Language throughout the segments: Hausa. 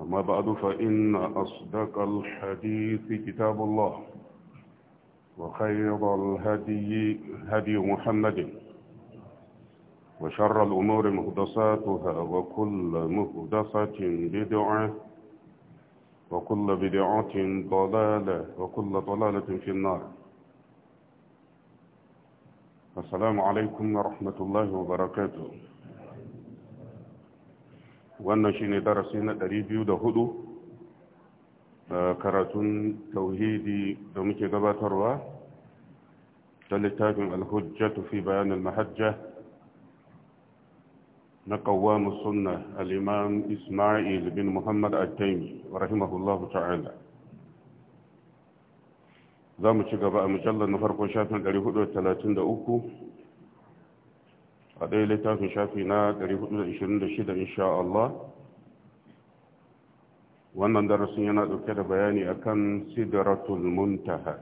أما بعد فإن أصدق الحديث كتاب الله وخير الهدي هدي محمد وشر الأمور مهدساتها وكل مهدسة بدعة وكل بدعة ضلالة وكل ضلالة في النار السلام عليكم ورحمة الله وبركاته wannan shine darasi na 204 karatun tauhidi da muke gabatarwa ta littafin alhujjatu fi bayan almahajja na kawamu sunna al'imam ismail bin muhammad al-taimi rahimahullahu ta'ala za mu ci gaba a mujallar na farkon shafin 433 a ɗaya littafin shafi na 426 insha Allah wannan darasin yana ɗauke da bayani akan sidratul muntaha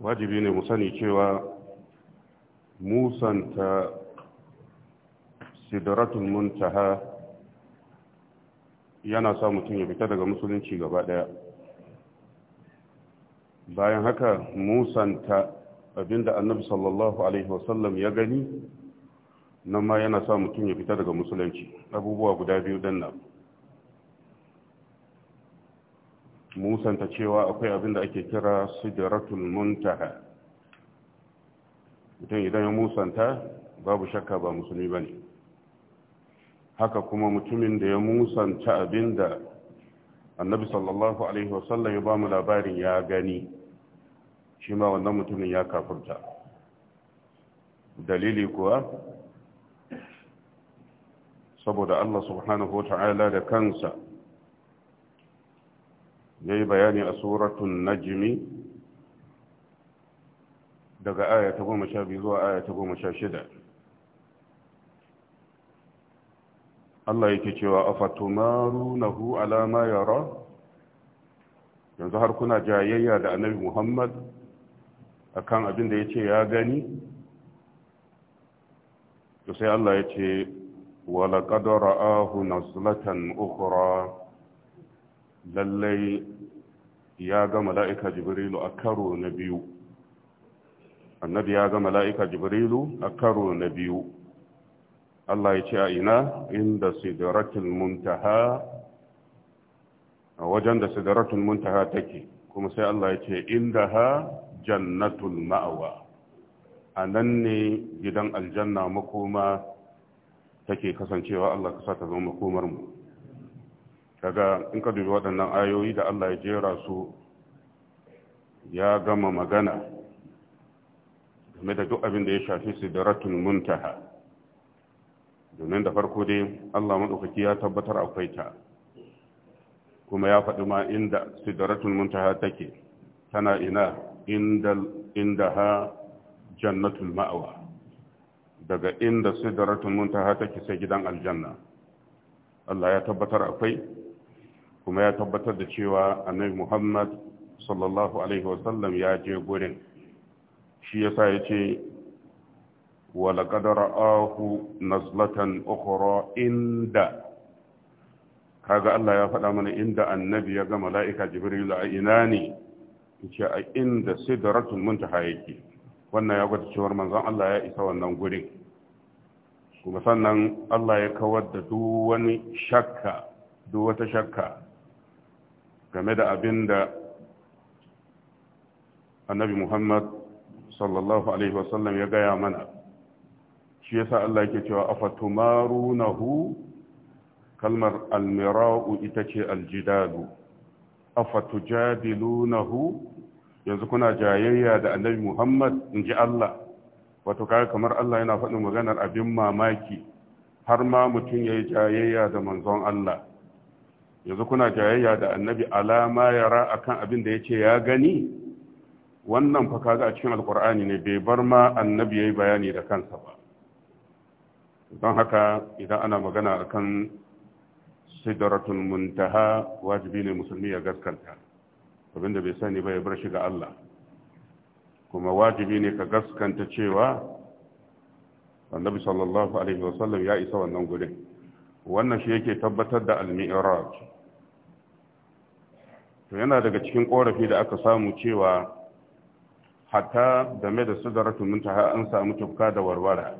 wajibi ne mu sani cewa musanta sidratul muntaha yana sa mutum ya fita daga musulunci gaba ɗaya bayan haka musanta abinda annabi sallallahu alaihi wasallam ya gani nan ma yana sa mutum ya fita daga musulunci abubuwa guda biyu dan nan musanta cewa akwai abinda ake kira sidratul muntaha mutum idan ya musanta babu shakka ba musulmi bane haka kuma mutumin da ya musanta abinda annabi sallallahu alaihi wasallam ya ba mu labarin ya gani shi ma wannan mutumin ya kafurta dalili kuwa saboda Allah subhanahu wa ta'ala da kansa ya yi bayani a suratun najmi daga aya ta goma sha biyu zuwa aya ta goma sha shida Allah yake cewa afatumarunahu hu alama yara yanzu har kuna jayayya da annabi Muhammad akan abin da ya ce ya gani to sai Allah ya ce wala qadara ahu nazlatan ukhra lallai ya ga mala'ika jibrilu a karo na biyu annabi ya ga mala'ika jibrilu a karo na biyu Allah ya ce a ina inda sidratul muntaha a wajen da sidratul muntaha take kuma sai Allah ya ce inda ha jannatul ma'awa a nan ne gidan aljanna makoma take kasancewa Allah ka ta zama makomar mu kaga in ka dubi waɗannan ayoyi da Allah ya jera su ya gama magana game da duk abin da ya shafi sidratul muntaha domin da farko dai Allah madaukaki ya tabbatar akwai ta kuma ya faɗi ma inda sidratul muntaha take tana ina inda ha jannatul ma'awa daga inda sidratul muntaha take sai gidan aljanna Allah ya tabbatar akwai kuma ya tabbatar da cewa annabi Muhammad sallallahu alaihi sallam ya je gurin shi yasa yace wa laqad ra'ahu nazlatan ukhra inda kaga Allah ya faɗa mana inda annabi ya ga mala'ika Jibril a ina ne ce a inda sidratul muntaha yake wannan ya gwada cewar manzon Allah ya isa wannan gurin kuma sannan Allah ya kawar da duk wani shakka duk wata shakka game da abin da annabi Muhammad sallallahu alaihi wasallam ya gaya mana shi yasa Allah yake cewa afatumarunahu kalmar almira'u ita ce aljidalu afatujadilunahu yanzu kuna jayayya da annabi Muhammad in ji Allah wato kaga kamar Allah yana faɗin maganar abin mamaki har ma mutum ya yi jayayya da manzon Allah yanzu kuna jayayya da annabi alama ya yara akan abin da ya ce ya gani wannan fa kaga a cikin alkur'ani ne bai bar ma annabi ya yi bayani da kansa ba don haka idan ana magana akan sidratul muntaha wajibi ne musulmi ya gaskanta abinda bai sani ba ya bar shi ga Allah kuma wajibi ne ka gaskanta cewa annabi sallallahu alaihi wasallam ya isa wannan gurin wannan shi yake tabbatar da al-mi'raj to yana daga cikin korafi da aka samu cewa hatta game da sidratul muntaha an samu tufka da warwara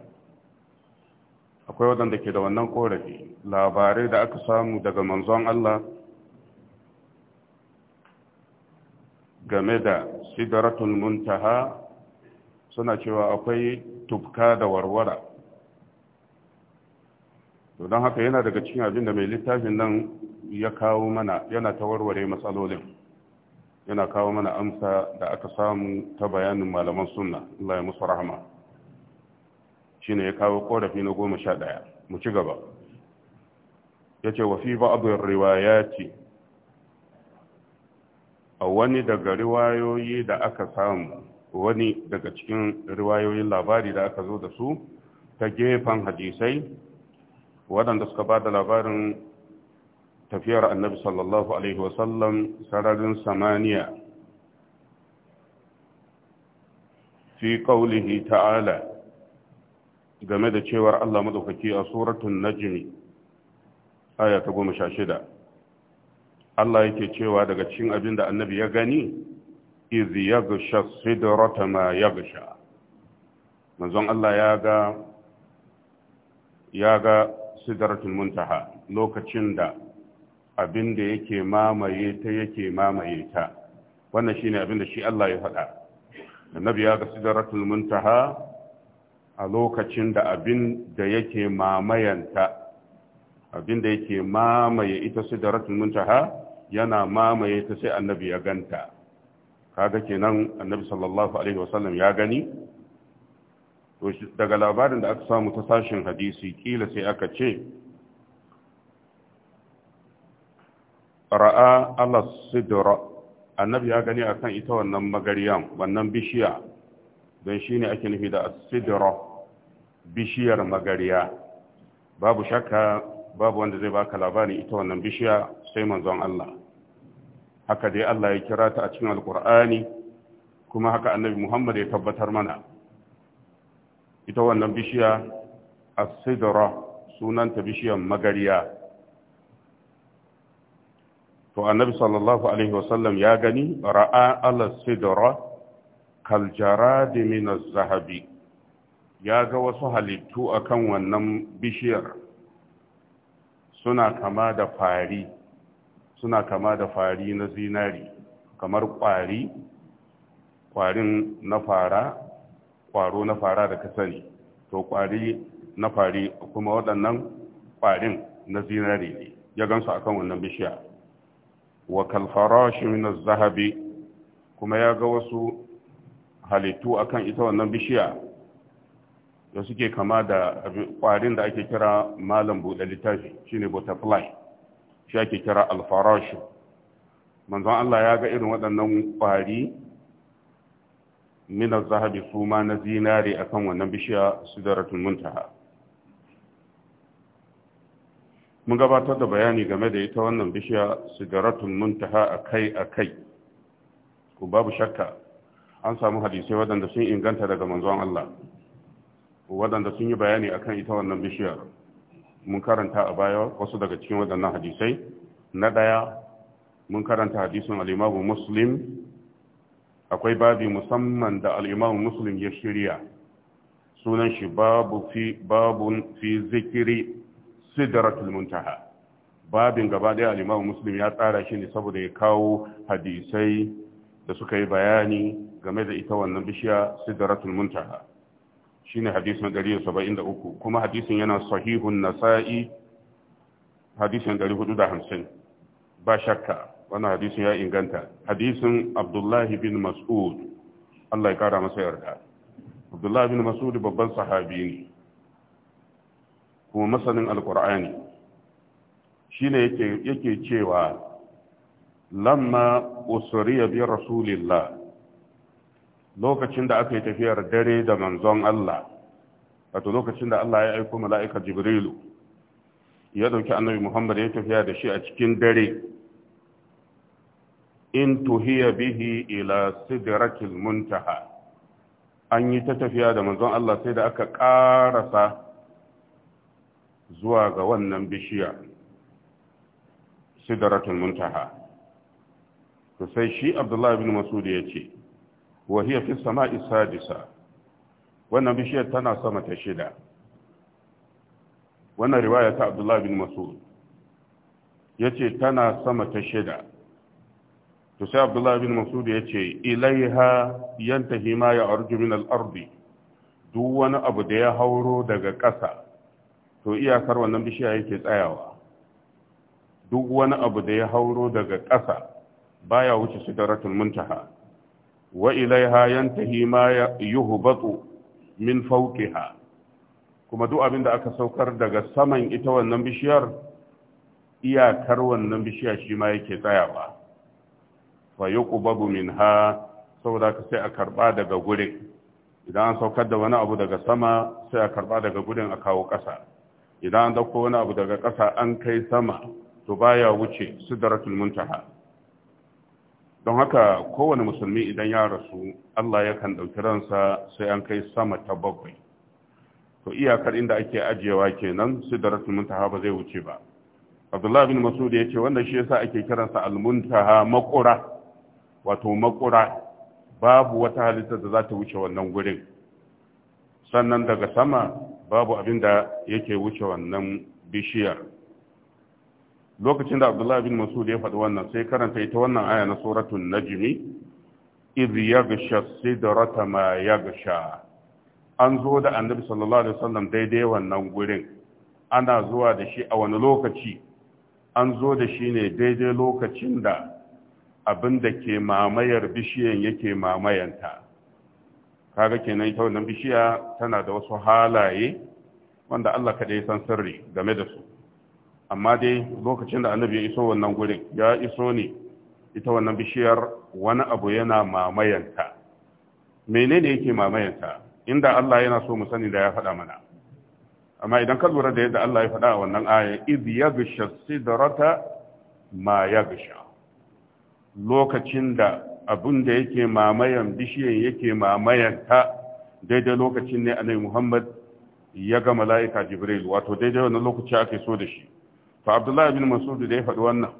akwai wadanda ke da wannan korafi labarai da aka samu daga manzon Allah game da sidaratul muntaha suna cewa akwai tubka da warwara to don haka yana daga cikin abin da mai littafin nan ya kawo mana yana ta warware matsalolin yana kawo mana amsa da aka samu ta bayanin malaman sunna Allah ya musu rahama shine ya kawo korafi na goma sha ɗaya mu ci gaba ya ce wa fi ba'adun riwayati a wani daga riwayoyi da aka samu wani daga cikin riwayoyin labari da aka zo da su ta gefen hadisai waɗanda suka ba da labarin tafiyar annabi sallallahu alaihi wasallam sararin samaniya fi ƙaunihi ta'ala game da cewar Allah maɗaukaki a suratun najmi aya ta goma sha shida Allah yake cewa daga cikin abin da annabi ya gani ya yaghsha sidrata ma yaghsha manzon Allah ya ga ya muntaha lokacin da abin da yake mamaye ta yake mamaye ta wannan shine abin da shi Allah ya faɗa annabi ya ga sidratul muntaha a lokacin da abin da yake mamayanta abinda yake mamaye ita sidratul muntaha yana mamaye ta sai annabi ya ganta kaga kenan annabi sallallahu alaihi wasallam ya gani daga labarin da aka samu ta sashin hadisi kila sai aka ce ra'a ala sidra annabi ya gani akan ita wannan magariyan wannan bishiya don shine ake nufi da sidra bishiyar magariya babu shakka babu wanda zai baka labarin ita wannan bishiya sai manzon Allah haka dai Allah ya kira ta a cikin alkur'ani kuma haka annabi Muhammad ya tabbatar mana ita wannan bishiya as-sidra sunanta bishiyar magariya to annabi sallallahu alaihi wasallam ya gani ra'a al-sidra kal jaradi min az-zahabi ya ga wasu halittu akan wannan bishiyar suna kama da fari suna kama da fari na zinari kamar kwari kwarin na fara kwaro na fara da kasani, to kwari na fari kuma waɗannan kwarin na zinari ne ya gansu akan wannan bishiya wa kalfarashi na zahabi kuma ya ga wasu halittu akan ita wannan bishiya da suke kama da kwarin da ake kira malam buɗe littafi shine butterfly shi ake kira alfarashi manzon Allah ya ga irin waɗannan kwari minar zahabi su ma na zinare akan wannan bishiya sidaratun muntaha mun gabatar da bayani game da ita wannan bishiya sigaratun muntaha akai akai ku babu shakka an samu hadisai waɗanda sun inganta daga manzon Allah waɗanda sun yi bayani akan ita wannan bishiyar mun karanta a baya wasu daga cikin waɗannan hadisai na ɗaya mun karanta hadisin al'imamu muslim akwai babi musamman da al'imamu muslim ya shirya sunan shi babu fi babun fi zikiri sidratul muntaha babin gaba ɗaya al'imamu muslim ya tsara shi ne saboda ya kawo hadisai da suka yi bayani game da ita wannan bishiya sidratul muntaha shine hadisin 173 kuma hadisin yana sahihun nasa'i hadisin 450 ba shakka wannan hadisin ya inganta hadisin abdullahi bin mas'ud Allah ya kara masa yarda abdullahi bin mas'ud babban sahabi ne kuma masanin alqur'ani shine yake yake cewa lamma usriya bi rasulillah lokacin da aka yi tafiyar dare da manzon Allah wato lokacin da Allah ya aiko mala'ika Jibrilu ya dauki annabi Muhammad ya tafiya da shi a cikin dare in tuhiya bihi ila sidratil muntaha an yi ta tafiya da manzon Allah sai da aka karasa zuwa ga wannan bishiya sidratul muntaha to sai shi Abdullahi bin Mas'ud ya ce wa hiya fi isa bisa? wannan bishiyar tana sama ta shida wannan riwaya ta Abdullahi bin Mas'ud ya ce tana sama ta shida to sai Abdullahi bin Mas'ud ya ce, ilaiha yantahi ma ya'ruju min al-ardi duk wani abu da ya hauro daga ƙasa to iyakar wannan bishiya yake tsayawa duk wani abu da ya hauro daga ƙasa baya wuce sidratul muntaha wa ilaiha yantahi ma yuhbatu min fawqiha kuma duk abin da aka saukar daga saman ita wannan bishiyar iyakar wannan bishiya shi ma yake tsayawa fa yuqbabu minha saboda ka sai a karba daga gurin idan an saukar da wani abu daga sama sai a karba daga gurin a kawo ƙasa idan an dauko wani abu daga ƙasa an kai sama to baya wuce sidratul muntaha don haka kowane musulmi idan ya rasu Allah ya kan ɗauki ransa sai an kai sama ta bakwai to iyakar inda ake ajiyewa kenan rasu muntaha ba zai wuce ba Abdullahi bin Mas'ud ya ce wanda shi yasa ake kiransa almuntaha makura, wato makura babu wata halitta da za ta wuce wannan gurin sannan daga sama babu abin da yake wuce wannan bishiyar lokacin da abdullahi bin masud ya faɗi wannan sai karanta ita wannan aya na suratul najmi idh yaghsha sidrata ma yaghsha an zo da annabi sallallahu alaihi wasallam daidai wannan gurin ana zuwa da shi a wani lokaci an zo da shi ne daidai lokacin da abin da ke mamayar bishiyan yake mamayanta kaga kenan ita wannan bishiya tana da wasu halaye wanda Allah kaɗai san sirri game da su amma dai lokacin da annabi ya iso wannan gurin ya iso ne ita wannan bishiyar wani abu yana mamayanta menene yake mamayanta inda Allah yana so mu sani da ya faɗa mana amma idan ka lura da yadda Allah ya faɗa a wannan aya iz yagsha sidrata ma yagsha lokacin da abun da yake mamayan bishiyar yake mamayanta daidai lokacin ne annabi Muhammad ya ga mala'ika Jibril wato daidai wannan lokaci ake so da shi fa abdullahi bin mas'ud da ya faɗi wannan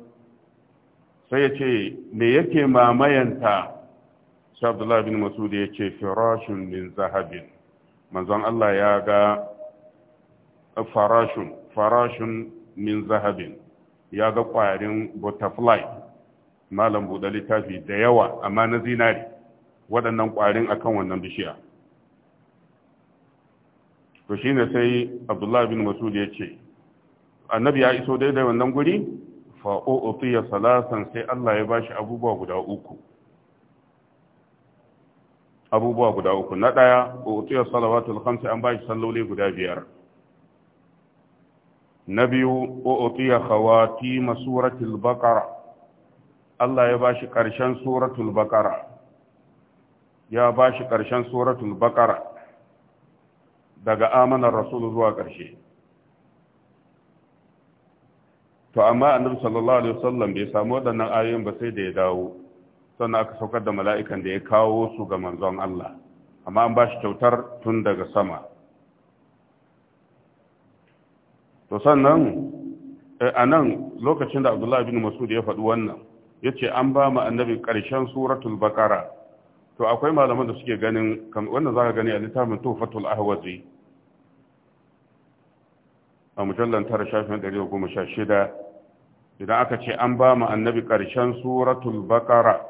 sai ya ce me yake mamayanta sai abdullahi bin mas'ud ya ce firashun min zahabin manzon Allah ya ga farashun farashun min zahabin ya ga ƙwarin butterfly malam buɗe littafi da yawa amma na zinari waɗannan ƙwarin akan wannan bishiya to shine sai abdullahi bin mas'ud ya ce annabi ya iso daidai wannan guri ya salasan sai Allah ya bashi abubuwa guda uku abubuwa guda uku na ɗaya otiya salawatul khamsi an bashi salloli guda biyar na biyu otiya khawati masuratul baqara Allah ya bashi ƙarshen suratul baqara ya bashi ƙarshen suratul baqara daga amanar rasulu zuwa ƙarshe to amma annabi sallallahu alaihi wasallam bai samu waɗannan ayoyin ba sai da ya dawo sannan aka saukar da mala'ikan da ya kawo su ga manzon Allah amma an ba shi kyautar tun daga sama to sannan eh, a nan lokacin da abdullahi bin masud ya faɗi wannan ya ce an ba mu annabi ƙarshen suratul bakara to akwai malaman da suke ganin wannan za ka gani a littafin tufatul ahwazi a mujallar tara shafin 116 idan aka ce an ba mu annabi ƙarshen suratul baqara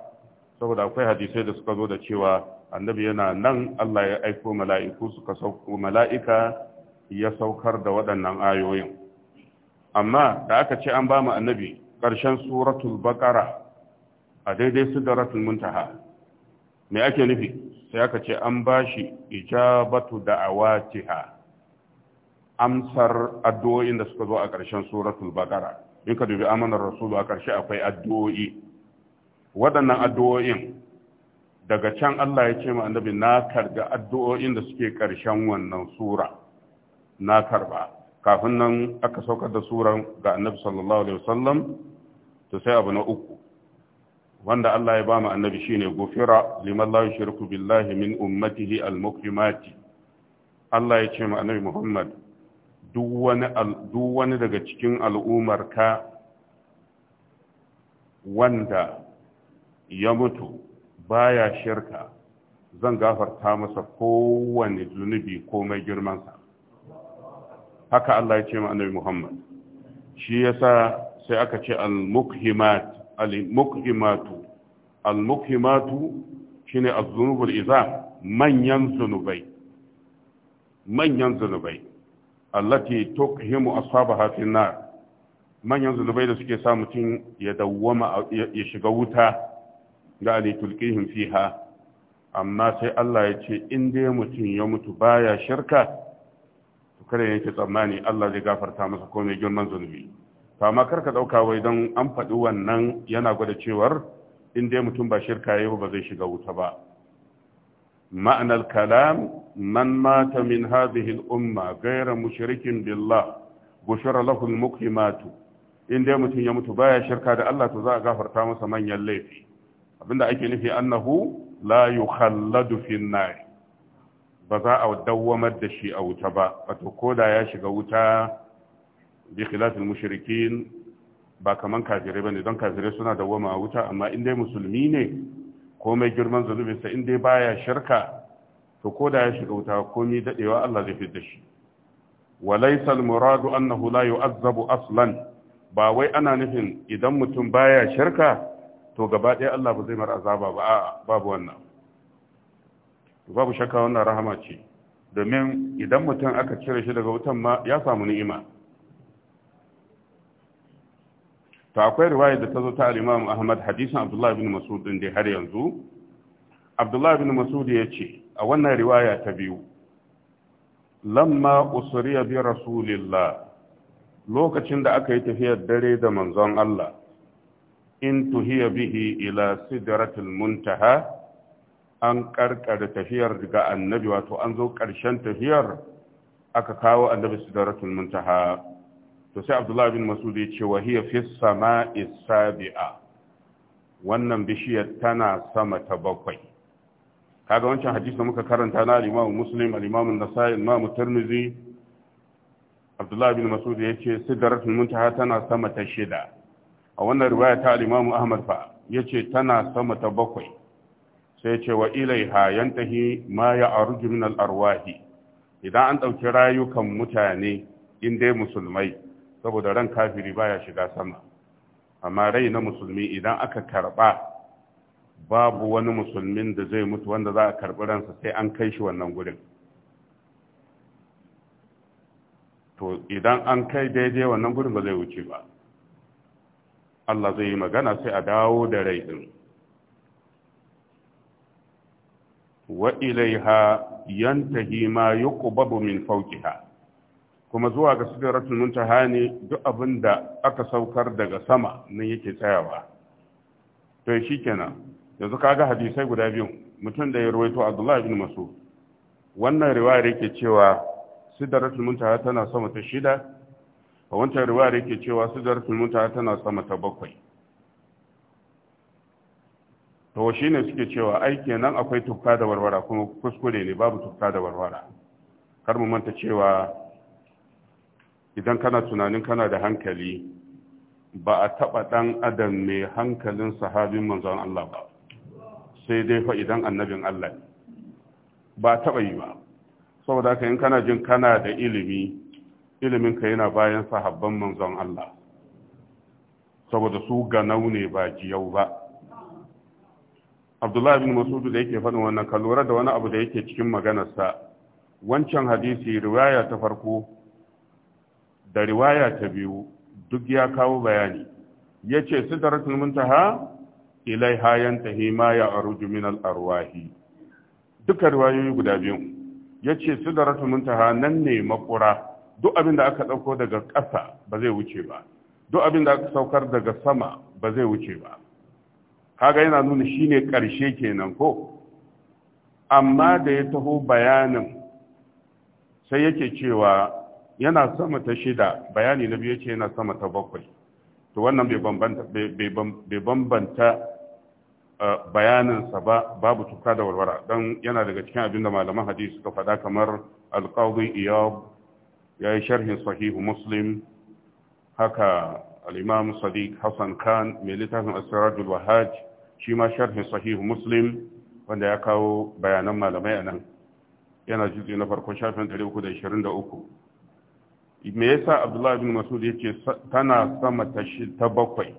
saboda akwai hadisai da suka zo da cewa annabi yana nan Allah ya aiko mala'iku suka sauko mala'ika ya saukar da waɗannan ayoyin amma da aka ce an ba mu annabi ƙarshen suratul baqara a daidai sidratul muntaha me ake nufi sai aka ce an ba shi ijabatu da'awatiha amsar addu'o'in da suka zo a ƙarshen suratul bakara in ka dubi amanar rasulu a ƙarshe akwai addu'o'i waɗannan addu'o'in daga can Allah ya ce ma annabi na karga addu'o'in da suke ƙarshen wannan sura na karba kafin nan aka saukar da suran ga annabi sallallahu alaihi wasallam to sai abu na uku wanda Allah ya ba mu annabi shine gufira liman la yushriku billahi min ummatihi al-mukrimati Allah ya ce ma annabi Muhammad duk wani daga cikin al'umarka wanda ya mutu baya shirka zan gafarta masa kowane zunubi ko mai girmansa haka Allah ya ce ma annabi Muhammad shi yasa sai aka ce al-mukhimat al-mukhimatu al-mukhimatu shine az-zunubul manyan zunubai manyan zunubai allati tukhimu asabaha fi nar manyan zunubai da suke sa mutum ya dawwama ya shiga wuta ga ali tulqihim fiha amma sai Allah ya ce in dai mutum ya mutu baya shirka to kada yake tsammani Allah zai gafarta masa komai girman zunubi to amma karka dauka wai dan an faɗi wannan yana gwada cewar in dai mutum ba shirka yayi ba zai shiga wuta ba معنى الكلام من مات من هذه الأمة غير مشرك بالله بشر له المقيمات إن دي متن يموت بايا شركة الله تزاع غفر تامس من يليفي أبن أكي نفي أنه لا يخلد في النار بزاء ودوم الدشي أو تبا فتقول يا شغوتا بخلاف المشركين ba kaman kafirai bane don kafirai suna dawwama a wuta amma in dai musulmi ne komai girman zunubinsa in dai baya shirka to ko da ya shiga wuta komai dadewa Allah zai fi da shi walaisal almuradu annahu la yu'azzabu aslan ba wai ana nufin idan mutum baya shirka to gaba ɗaya Allah ba zai mar azaba ba a babu wannan babu shakka wannan rahama ce domin idan mutum aka cire shi daga wutan ma ya samu ni'ima to akwai riwaya da ta zo ta al-Imam Ahmad hadisin Abdullah ibn Mas'ud din har yanzu Abdullah ibn Mas'ud ya ce a wannan riwaya ta biyu lamma usriya bi rasulillah lokacin da aka yi tafiyar dare da manzon Allah in tuhiya bihi ila sidratil muntaha an karkare tafiyar daga annabi wato an zo ƙarshen tafiyar aka kawo annabi sidratul muntaha to sai abdullahi bin Masudu ya ce wahiya fi sama'i sabi'a wannan bishiyar tana sama ta bakwai kaga wancan hadisi muka karanta na al-Imam Muslim al-Imam Nasa'i al-Imam Tirmidhi Abdullah bin Mas'ud yace sidratul muntaha tana sama ta shida a wannan riwaya ta al Ahmad fa ya ce tana sama ta bakwai sai yace wa hayan yantahi ma ya'ruju min al-arwahi idan an ɗauki rayukan mutane in dai musulmai saboda ran kafiri baya shiga sama amma rai na musulmi idan aka karba babu wani musulmin da zai mutu wanda za a karbi ransa sai an kai shi wannan gurin to idan an kai daidai wannan gurin ba zai wuce ba Allah zai yi magana sai a dawo da rai din wa ilaiha yantahi ma yuqbabu min fawqiha kuma zuwa ga da muntaha ne duk abin da aka saukar daga sama nan yake tsayawa to shikenan yanzu kaga hadisai guda biyu mutum da ya ruwaito Abdullah ibn Mas'ud wannan riwayar yake cewa sidratul muntaha tana sama ta shida a wancan riwayar yake cewa sidratul muntaha tana sama ta bakwai to shi ne suke cewa ai kenan akwai tufka da warwara kuma kuskure ne babu tufka da warwara kar mu manta cewa idan kana tunanin kana da hankali ba a taɓa ɗan adam mai hankalin sahabin manzon Allah ba sai dai fa idan annabin Allah ne ba taɓa yi ba saboda haka in kana jin kana da ilimi iliminka yana bayan sahabban manzon Allah saboda su ganau ne ba jiyau ba abdullahi bin masudu da yake faɗin wannan ka lura da wani abu da yake cikin maganarsa wancan hadisi riwaya ta farko da riwaya ta biyu duk ya kawo bayani ya ce sidratul muntaha ilaiha yantahi ma ya aruju min al arwahi duka riwayoyi guda biyu ya ce sidratul muntaha nan ne makura duk abin da aka ɗauko daga ƙasa ba zai wuce ba duk abin da aka saukar daga sama ba zai wuce ba kaga yana nuna shine ƙarshe kenan ko amma da ya taho bayanin sai yake cewa yana sama ta shida bayani na biyu ce yana sama ta bakwai to wannan bai bambanta uh, bayaninsa ba babu tuka da warwara don yana daga cikin abin da malaman hadisi suka faɗa kamar alƙawun iyab ya yi sharhin sahihu muslim haka al'imam sadiq hassan khan mai littafin asirajul wahaj shi ma sharhin sahihu muslim wanda ya kawo bayanan malamai a nan yana jutse na farko, shafin 323 me yasa abdullahi bin masud yake tana sama ta ta bakwai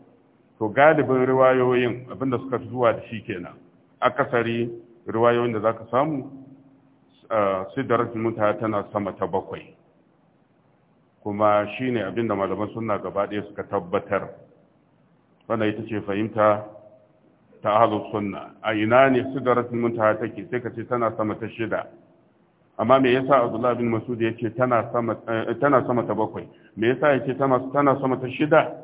to galibin riwayoyin abinda suka zuwa da shi kenan akasari riwayoyin da zaka samu sidratul muntaha tana sama ta bakwai kuma shine abinda malaman sunna gaba ɗaya suka tabbatar wannan ita ce fahimta ta ahlus sunna a ina ne sidratul muntaha take sai ka ce tana sama ta shida amma me yasa Abdullah bin Mas'ud yace tana sama eh, tana sama ta bakwai me yasa yace tana tana sama ta shida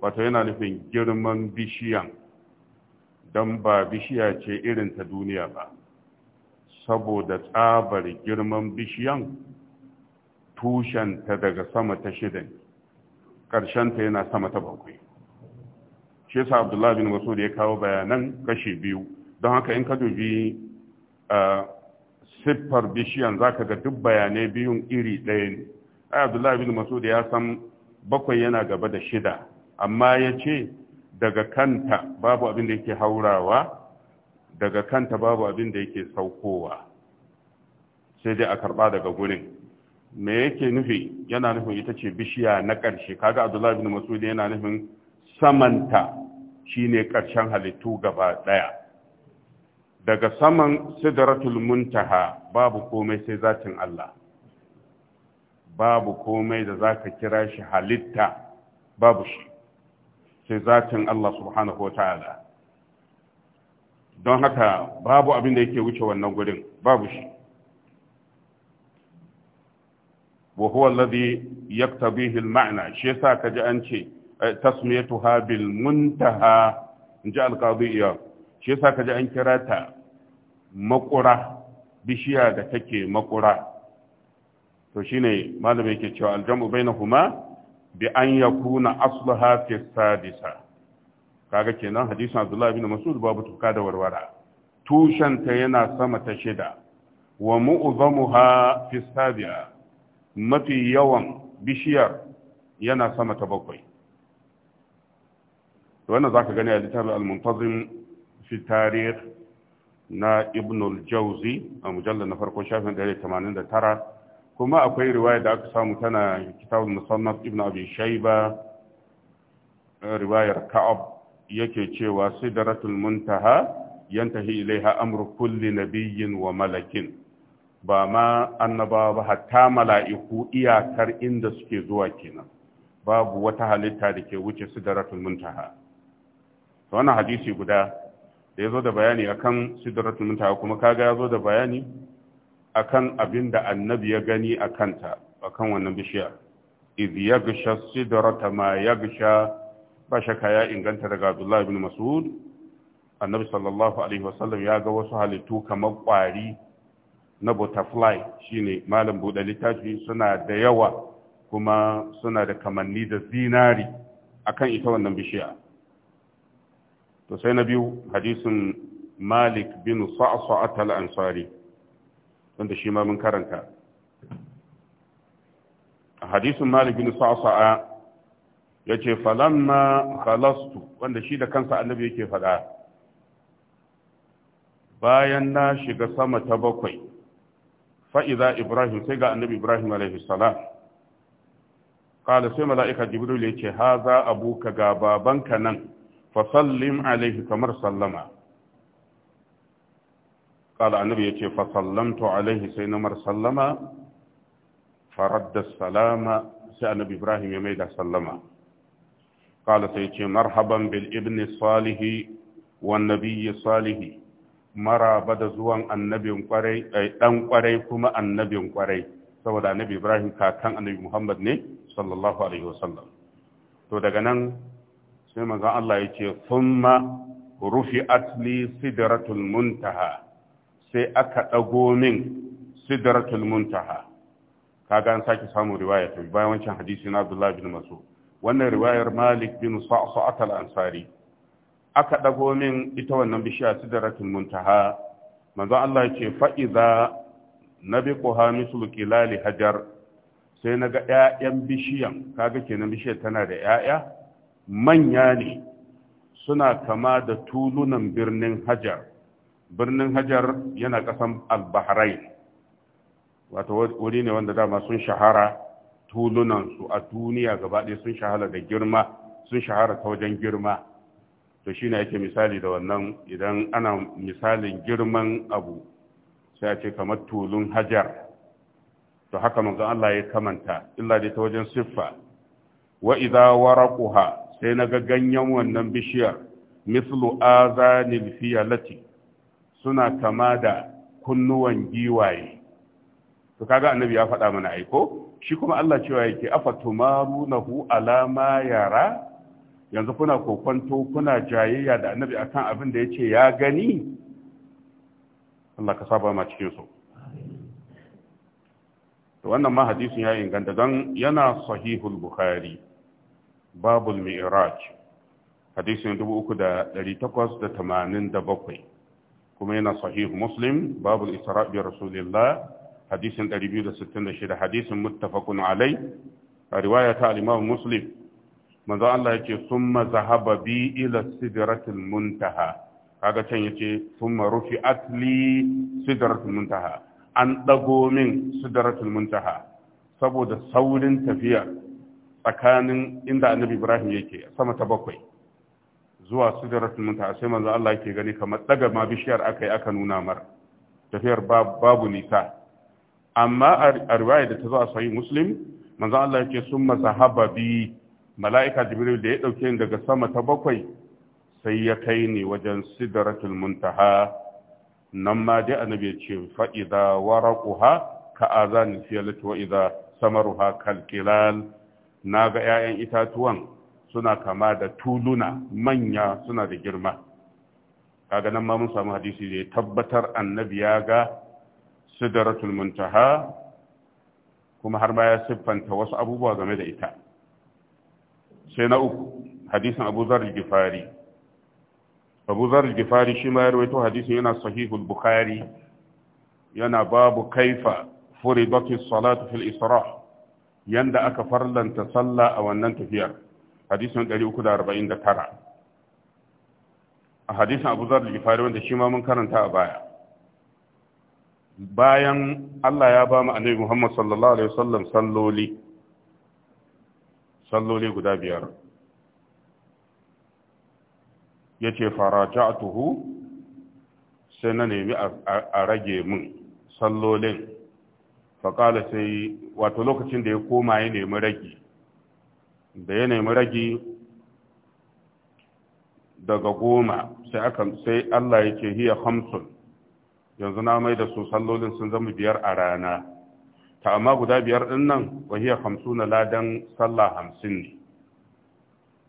wato yana nufin girman bishiyan dan ba bishiya ce irin ta duniya ba saboda tsabar girman bishiyan tushen ta daga sama ta shida karshen ta yana sama ta bakwai shi yasa Abdullah bin Mas'ud ya kawo bayanan kashi biyu don haka in ka dubi ah, siffar bishiyan zaka ga duk bayanai biyun iri ɗaya ne ai abdullahi bin masud ya san bakwai yana gaba da shida amma ya ce daga kanta babu abin da yake haurawa daga kanta babu abin da yake saukowa sai dai a karba daga gurin me yake nufi yana nufin ita ce bishiya na ƙarshe kaga abdullahi bin masud yana nufin samanta shine ƙarshen halittu gaba ɗaya daga saman sidratul muntaha babu komai sai zatin Allah babu komai da zaka kira shi halitta babu shi sai zatin Allah subhanahu wataala don haka babu abin da yake wuce wannan gurin babu shi wa huwa alladhi yaktabihi al-ma'na shi yasa kaji an ce tasmiyatuha bil muntaha ji al-qadiyya shi yasa ji an kira ta makura bishiya da take makura to shine malami yake cewa aljamu bainahuma bi an yakuna asluha fi sadisa kaga kenan hadisin Abdullah ibn Mas'ud babu tuka da warwara tushen ta yana sama ta shida wa mu'zamuha fi sadia mafi yawan bishiyar yana sama ta bakwai wannan zaka gani a littafin al-muntazim fi tarih na ibnul jauzi a mujallar na farko shafin 189 kuma akwai riwaya da aka samu tana kitabul musannaf ibn abi shayba riwayar ka'ab yake cewa sidratul muntaha yantahi ilaiha amru kulli nabiyyin wa malakin ba ma annabawa ba hatta mala'iku iyakar inda suke zuwa kenan babu wata halitta da ke wuce sidratul muntaha to wannan hadisi guda da ya zo da bayani akan sidratul muntaha kuma kaga ya zo da bayani akan abin da annabi ya gani a kanta a kan wannan bishiya ya gusha sidrata ma ya gusha ba shakka ya inganta daga Abdullahi bin Mas'ud annabi sallallahu alaihi wasallam ya ga wasu halittu kamar kwari na butterfly shine malam buɗe littafi suna da yawa kuma suna da kamanni da zinari akan ita wannan bishiya to sai na biyu hadisin malik bin sa'sa'at al-ansari wanda shi ma mun karanta hadisin malik bin sa'sa'a yace falamma khalastu wanda shi da kansa annabi yake faɗa bayan na shiga sama ta bakwai fa'iza ibrahim sai ga annabi ibrahim alaihi salam qala sai mala'ika jibril yace haza abuka ga babanka nan fasallim alaihi kamar sallama قال النبي يتي فسلمت عليه سيدنا مر سلم فرد السلام سأل إبراهيم يميد سلم قال سيتي مرحبا بالابن الصالح والنبي الصالح مرا بدا زوان النبي قري اي دان قري كما النبي قري saboda annabi ibrahim kakan annabi muhammad ne sallallahu alaihi wasallam to daga nan sai manzon Allah ya ce thumma rufi'at li sidratul muntaha sai aka dago min sidratul muntaha kaga an sake samun riwaya ta bayan wancan hadisi na Abdullah bin masu wannan riwayar Malik bin Sa'sa'at al-Ansari aka ɗago min ita wannan bishiya sidratul muntaha manzo Allah ce fa idza nabiquha mislu qilali hajar sai naga ƴaƴan bishiyan kaga kenan bishiyar tana da ƴaƴa manya ne suna kama da tulunan birnin hajar birnin hajar yana kasan al-bahrain wato wuri ne wanda dama sun shahara tulunansu a duniya gabaɗaya sun shahara da girma sun shahara ta wajen girma to shi ne ake misali da wannan idan ana misalin girman abu sai a ce kamar tulun hajar to haka manzon Allah ya kamanta illa dai ta wajen siffa wa idza waraquha sai na ga ganyen wannan bishiyar mislu azanil fiyalati suna kama da kunnuwan giwaye to kaga annabi ya faɗa mana aiko shi kuma Allah cewa yake afa tumarunahu ala yara yanzu kuna kokonto kuna jayayya da annabi akan abin da yace ya gani Allah ka saba ma cikin su to wannan ma hadisin ya inganta don yana sahihul bukhari babul mi'raj hadisin 3887 kuma yana sahih muslim babul isra bi rasulillah hadisin 266 hadisin muttafaqun alai riwaya ta al-imam muslim manzo Allah yake summa zahaba bi ila sidratil muntaha kaga can yace summa rufi'at li sidratul muntaha an dago min sidratul muntaha saboda saurin tafiya tsakanin inda annabi ibrahim yake sama ta bakwai zuwa sidratul muntaha sai manzo Allah yake gani kamar daga ma bishiyar akai aka nuna mar tafiyar babu nisa amma a riwaya da ta zo a sahih muslim manzo Allah yake summa zahaba bi mala'ika jibril da ya dauke ni daga sama ta bakwai sai ya kai ni wajen sidratul muntaha nan ma dai annabi ya ce fa idza waraquha ka azan fiyalati wa idza samaruha kal kilal na ga 'ya'yan itatuwan suna kama da tuluna manya suna da girma kaga nan ma mun samu hadisi da ya tabbatar annabi ya ga sidaratul muntaha kuma har ma ya siffanta wasu abubuwa game da ita sai na uku hadisin abu zar gifari abu zar gifari shi ma ya rawaito hadisin yana sahihul bukhari yana babu kaifa furidatis salatu fil isra' yanda aka farlanta sallah a wannan tafiyar hadisin 349 a hadisin Abu Zar al wanda shi ma mun karanta a baya bayan Allah ya ba mu Annabi Muhammad sallallahu alaihi wasallam salloli salloli guda biyar yace faraja'tuhu sai na nemi a rage mun sallolin faƙala sai wato lokacin da ya koma ya nemi ragi da ya nemi ragi daga goma sai Allah ya ce hiya Hamsun. yanzu na mai da su sallolin sun zama biyar a rana ta amma guda biyar ɗin nan wa hiya hamsu na ladan sallah hamsin ne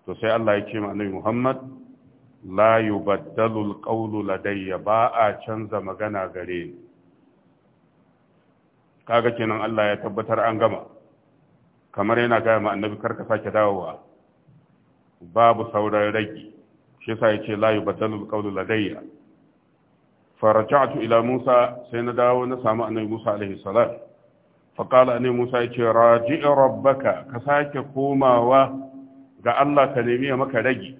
to sai Allah ya ce ma annabi Muhammad la yubaddalu alqawlu ladayya ba a canza magana gare ni kaga kenan Allah ya tabbatar an gama kamar yana gaya ma annabi karka sake dawowa babu sauran rage shi yasa yace la yubaddalu alqawlu ladayya فرجعت إلى موسى سيندا ونسامع أن موسى عليه السلام فقال أن موسى راجع rabbaka ka sake komawa. ga Allah ka nemi maka rage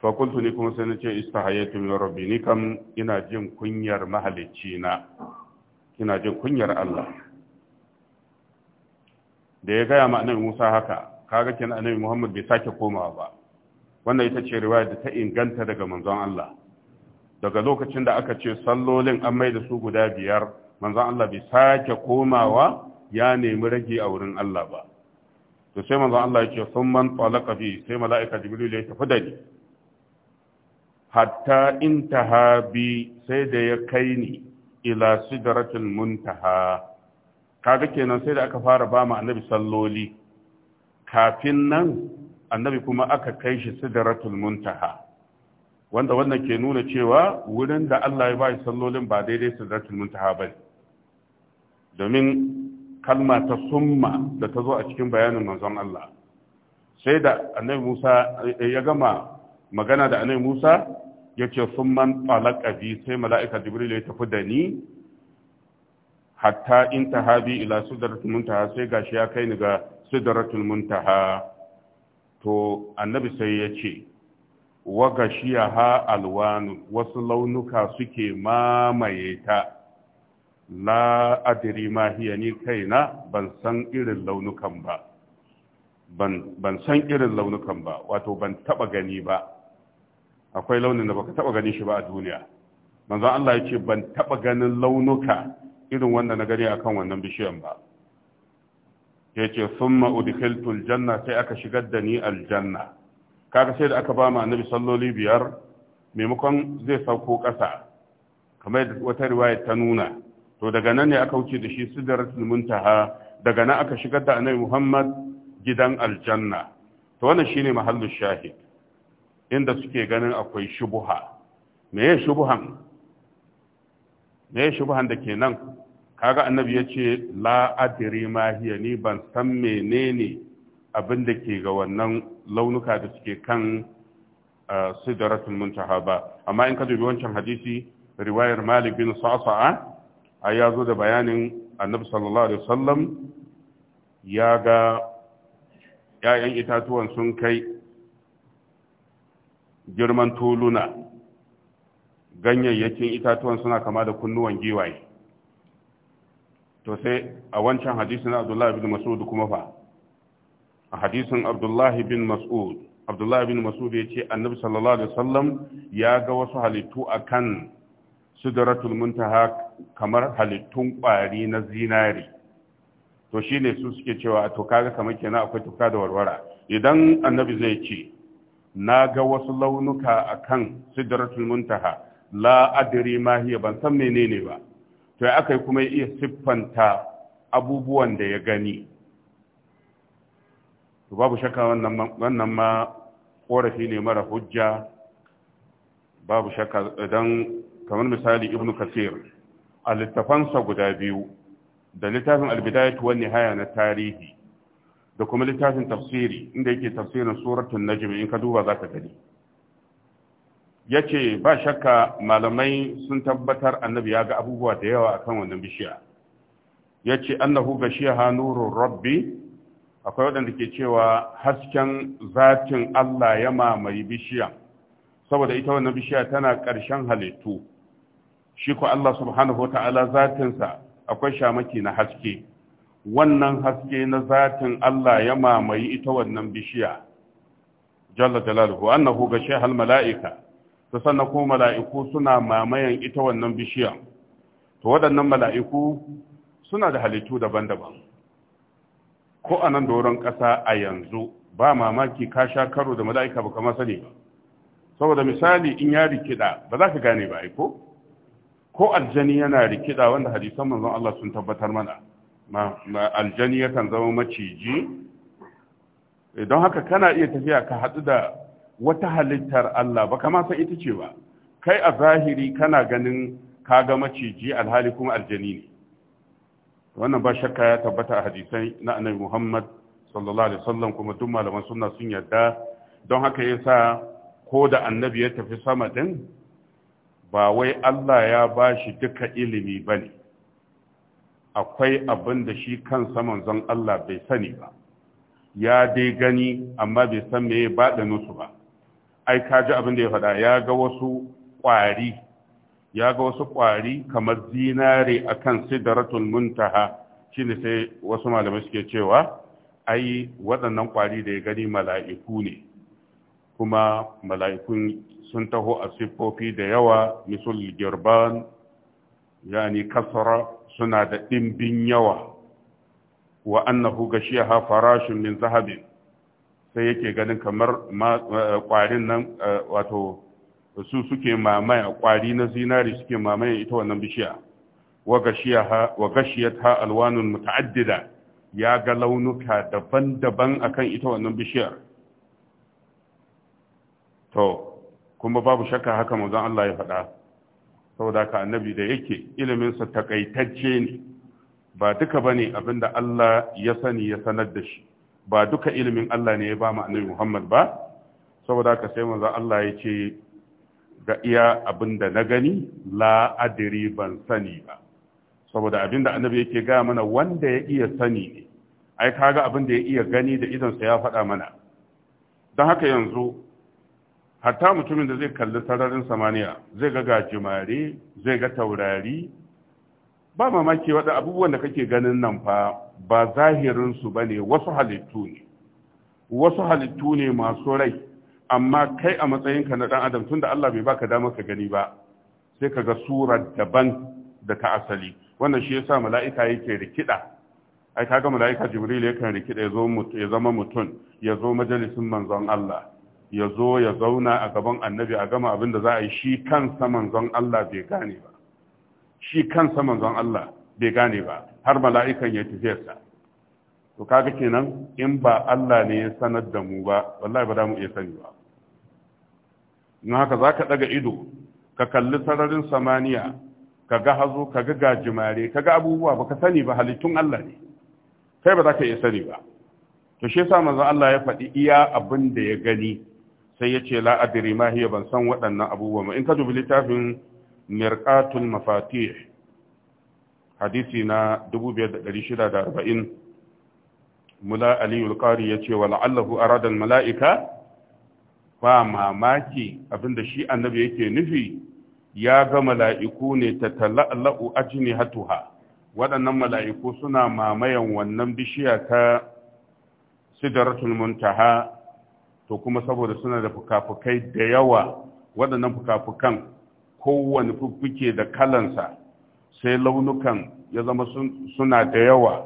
fa kuntu ni kuma sai nace istahayatu min rabbi ni kam ina jin kunyar mahalicci na kina jin kunyar Allah da ya gaya ma annabi Musa haka kaga kina annabi Muhammad bai sake komawa ba wannan ita ce riwaya da ta inganta daga manzon Allah daga lokacin da aka ce sallolin an mai da su guda biyar manzon Allah bai sake komawa ya nemi rage a wurin Allah ba to sai manzon Allah ya ce sun man talaka fi sai mala'ika jibril ya tafi da ni hatta intaha bi sai da ya kai ni ila sidratul muntaha kaga kenan sai da aka fara ba mu annabi salloli kafin nan annabi kuma aka kai shi sidratul muntaha wanda wannan ke nuna cewa wurin da Allah ya ba shi sallolin ba daidai sidratul muntaha ba domin kalma ta summa da ta zo a cikin bayanin manzon Allah sai da annabi Musa ya gama magana da annabi Musa yace sun man talaka bi sai mala'ika jibril ya tafi da ni hatta intaha habi ila sidratul muntaha sai gashi ya kai ni ga sidratul muntaha to annabi sai ya ce wa ha alwanu wasu launuka suke mamaye ta la adiri ma hiya ni kaina ban san irin launukan ba ban san irin launukan ba wato ban taɓa gani ba akwai launin da baka taba ganin shi ba a duniya manzon Allah ya ce ban taba ganin launuka irin wanda na gani akan wannan bishiyan ba ya ce summa udkhiltu aljanna sai aka shigar da ni aljanna kaga sai da aka ba mu annabi salloli biyar maimakon zai sauko ƙasa kamar yadda wata riwaya ta nuna to daga nan ne aka wuce da shi sidratul muntaha daga nan aka shigar da annabi Muhammad gidan aljanna to wannan shine mahallin shahid inda suke ganin akwai shubuha meye shubuhan meye shubuhan da ke nan kaga annabi ya ce la mahiya ni ban san menene abin da ke ga wannan launuka da suke kan uh, sidratul muntaha ba amma in ka dubi wancan hadisi riwayar malik bin sa'sa'a a ya da bayanin annabi sallallahu alaihi wasallam ya ga 'ya'yan itatuwan sun kai girman tuluna ganyayyakin itatuwan suna kama da kunnuwan giwaye to sai a wancan hadisin abdullahi bin mas'ud kuma fa a hadisin abdullahi bin mas'ud abdullahi bin mas'ud ya ce annabi sallallahu alaihi wasallam ya ga wasu halittu akan sidratul muntaha kamar halittun kwari na zinari to shine su suke cewa to kaga kamar kenan akwai tuka da warwara idan annabi zai ce na ga wasu launuka a kan sidratul muntaha la adri ma hiya ban san menene ba to ya aka kuma iya siffanta abubuwan da ya gani to babu shakka wannan ma korafi ne mara hujja babu shakka idan kamar misali ibnu kasir a littafansa guda biyu da littafin albidayatu wani haya na tarihi da kuma littafin tafsiri inda yake tafsirin suratul najm in ka duba zaka gani yace ba shakka malamai sun tabbatar annabi ya ga abubuwa da yawa akan wannan bishiya yace annahu gashiha nurur rabbi akwai waɗanda ke cewa hasken zatin Allah ya mamaye bishiya saboda ita wannan bishiya tana karshen halittu shi ko Allah subhanahu wa ta'ala zatinsa akwai shamaki na haske wannan haske na zatin Allah ya mamaye ita wannan bishiya jalla jalaluhu annahu gashe hal mala'ika to sannan ko mala'iku suna mamayan ita wannan bishiya to waɗannan mala'iku suna da halittu daban-daban ko a nan doron ƙasa a yanzu ba mamaki ka sha karo da mala'ika ba kamar sani ba saboda misali in ya rikida ba za ka gane ba aiko ko aljani yana rikida wanda hadisan manzon Allah sun tabbatar mana aljani yakan zama maciji eh, don haka kana iya tafiya ka haɗu da wata halittar Allah ba kama san ita ce ba kai a zahiri kana ganin ka ga maciji alhali kuma aljani ne wannan ba shakka ya tabbata a hadisai na annabi Muhammad sallallahu alaihi wasallam kuma duk malaman sunna sun yarda don haka yasa ko da annabi ya tafi sama din ba wai Allah ya bashi duka ilimi bane akwai abin da shi kan saman zan Allah bai sani ba ya dai gani amma bai san me ya bada nusu ba ai kaji abin da ya faɗa ya ga wasu ƙwari ya ga wasu ƙwari kamar zinare akan sidaratun muntaha ne sai wasu malamai suke cewa ai waɗannan ƙwari da ya gani mala'iku ne kuma mala'ikun sun taho a siffofi da yawa misul girban yani kasara suna da ɗimbin yawa wa annahu gashiha farashin min zahabin sai yake ganin kamar kwarin eh, nan eh, wato su suke mamaya kwari na zinari suke mamaya ita wannan bishiya wa gashiyata alwanun muta'addida ya ga launuka daban-daban akan ita wannan bishiyar to kuma babu shakka haka manzon Allah ya faɗa saboda ka annabi da yake iliminsa takaitacce ne ba duka bane abinda Allah ya sani ya sanar da shi ba duka ilimin Allah ne ya ba mu annabi Muhammad ba saboda ka sai manzo Allah ya ce ga iya abinda na gani la adri ban sani ba saboda abinda annabi yake ga mana wanda ya iya sani ne ai kaga da ya iya gani da idan sa ya faɗa mana don haka yanzu hatta mutumin da zai kalli sararin samaniya zai ga gajimare zai ga taurari ba mamaki waɗa abubuwan da kake ganin nan fa ba zahirinsu ba ne wasu halittu ne wasu halittu ne masu rai amma kai a matsayinka na ɗan adam tunda da Allah bai baka damar ka gani ba sai ka ga surar daban da ta asali wannan shi yasa mala'ika yake rikida ai kaga mala'ika jibril yakan rikida ya zama mutum ya zo majalisin manzon Allah ya zo ya zauna a gaban annabi a gama abin da za a yi shi saman zan Allah bai gane ba shi kan saman zan Allah bai gane ba har mala'ikan ya tafiyarsa to kaga kenan in ba Allah ne ya sanar da mu ba wallahi ba za mu iya sani ba in haka za ka ɗaga ido ka kalli sararin samaniya ka ga hazo ka ga gajimare ka ga abubuwa ba ka sani ba halittun Allah ne kai ba za ka iya sani ba to shi yasa maza Allah ya faɗi iya abin da ya gani sai ya ce la'adiri ma hiya ban san waɗannan abubuwa in ka dubi littafin mirqatul mafatih hadisi na 2640 mula aliyul qari ya ce wa la'allahu aradan mala'ika ba mamaki abinda shi annabi yake nufi ya ga mala'iku ne ta tala'la'u ajini hatuha waɗannan mala'iku suna mamayan wannan bishiya ta sidaratul muntaha to kuma saboda suna da fukafukai da yawa waɗannan fukafukan kowane fuffuke da kalansa sai launukan ya zama suna da yawa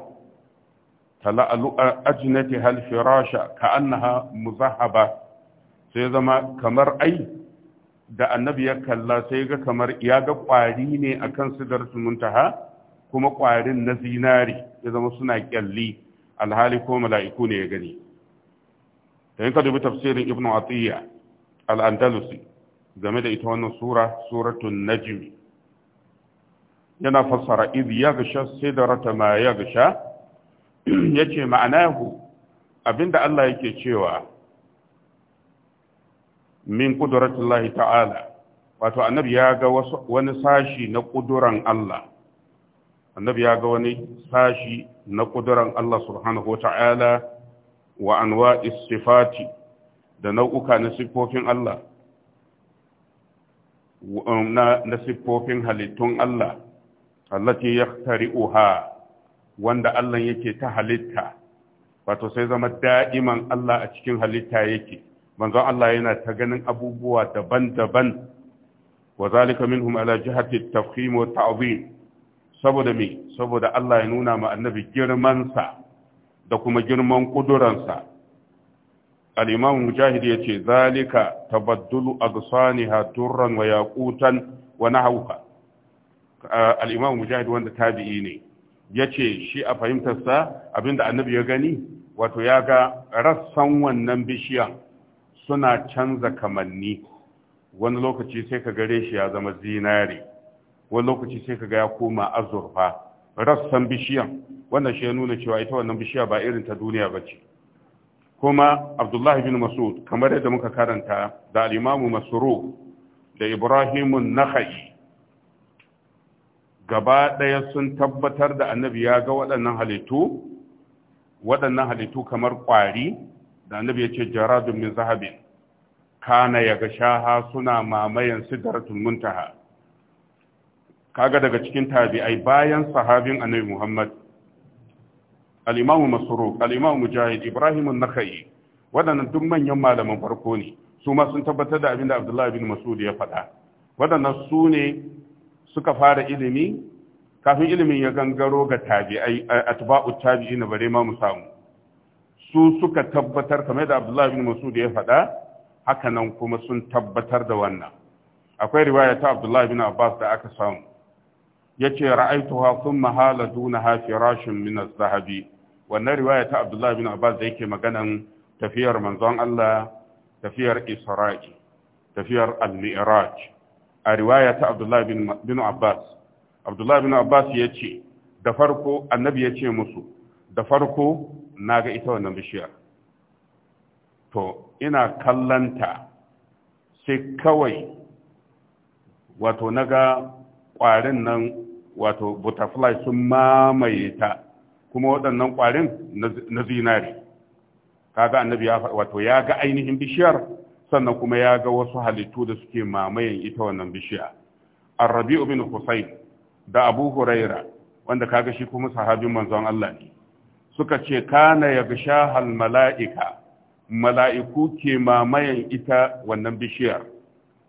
tala'alu ajinati hal firasha ka annaha muzahaba sai zama kamar ai da annabi ya kalla sai ga kamar ya ga kwari ne akan sidar muntaha kuma ƙwarin na zinari ya zama suna ƙyalli. alhali ko mala'iku ne ya gani da yin ka tafsirin ibnu atiyya al-andalusi game da ita wannan sura suratun najmi yana fassara iz yaghsha sidrata ma yaghsha yace ma'anahu abinda Allah yake cewa min qudratillahi ta'ala wato annabi ya ga wani sashi na kuduran Allah annabi ya ga wani sashi na kuduran Allah subhanahu wa ta'ala. wa anwa'is sifati da nau'uka na siffofin Allah um, na siffofin halittun Allah allati U'ha, wanda Allah yake ta halitta wato sai zama da'iman Allah a cikin halitta yake manzon Allah yana ta ganin abubuwa daban-daban wa zalika minhum ala jihati at-tafkhim wa ta'zim saboda me saboda Allah ya nuna ma annabi girman sa da kuma girman kuduransa al’imam imam ya yace zalika tabaddulu aghsaniha turran wa yaqutan wa wani hauka? imam mujahid wanda tabi'i ne ya ce shi a fahimtarsa abinda annabi ya gani wato ya ga rassan wannan bishiyan suna canza kamanni wani lokaci sai ka gare shi ya zama zinare wani lokaci sai ka ga ya koma azurfa rassan bishiyan wannan shi ya nuna cewa ita wannan bishiya ba irin ta duniya ba ce kuma abdullahi bin masud kamar yadda muka karanta da alimamu masuru da Ibrahimu naha'i gaba ɗaya sun tabbatar da annabi ya ga waɗannan halittu waɗannan halittu kamar ƙwari da annabi ya ce jaradun min zahabin kana ya ga shaha suna mamayan sidratul muntaha kaga daga cikin tabi'ai bayan sahabin annabi muhammad al-imamu masruq mujahid ibrahim nakhai waɗannan duk manyan malaman farko ne su ma sun tabbatar da abin da abdullahi bin masud ya faɗa waɗannan su ne suka fara ilimi kafin ilimin ya gangaro ga tabi'ai atba'u tabi'ina bare ma mu samu su suka tabbatar kamar da abdullahi bin masud ya faɗa haka nan kuma sun tabbatar da wannan akwai riwaya ta abdullahi bin abbas da aka samu yace ra'aituha thumma hala dunaha firashun min az-zahabi wannan riwaya ta Abdullahi bin Abbas da yake maganan tafiyar manzon Allah tafiyar Isra'i tafiyar al-Mi'raj a riwaya ta Abdullahi bin Abbas Abdullahi bin Abbas ya ce da farko annabi ya ce musu da farko na ga ita wannan bishiyar to ina kallanta sai kawai wato na ga. ƙwarin nan wato butterfly sun mamaye ta kuma waɗannan ƙwarin na zinari kaga annabi ya wato ya ga ainihin bishiyar sannan kuma ya ga wasu halittu da suke mamayen ita wannan bishiya Rabi'u bin husayn da abu huraira wanda kaga shi kuma sahabin manzon Allah ne suka ce kana ya gisha hal mala'ika mala'iku ke mamayen ita wannan bishiyar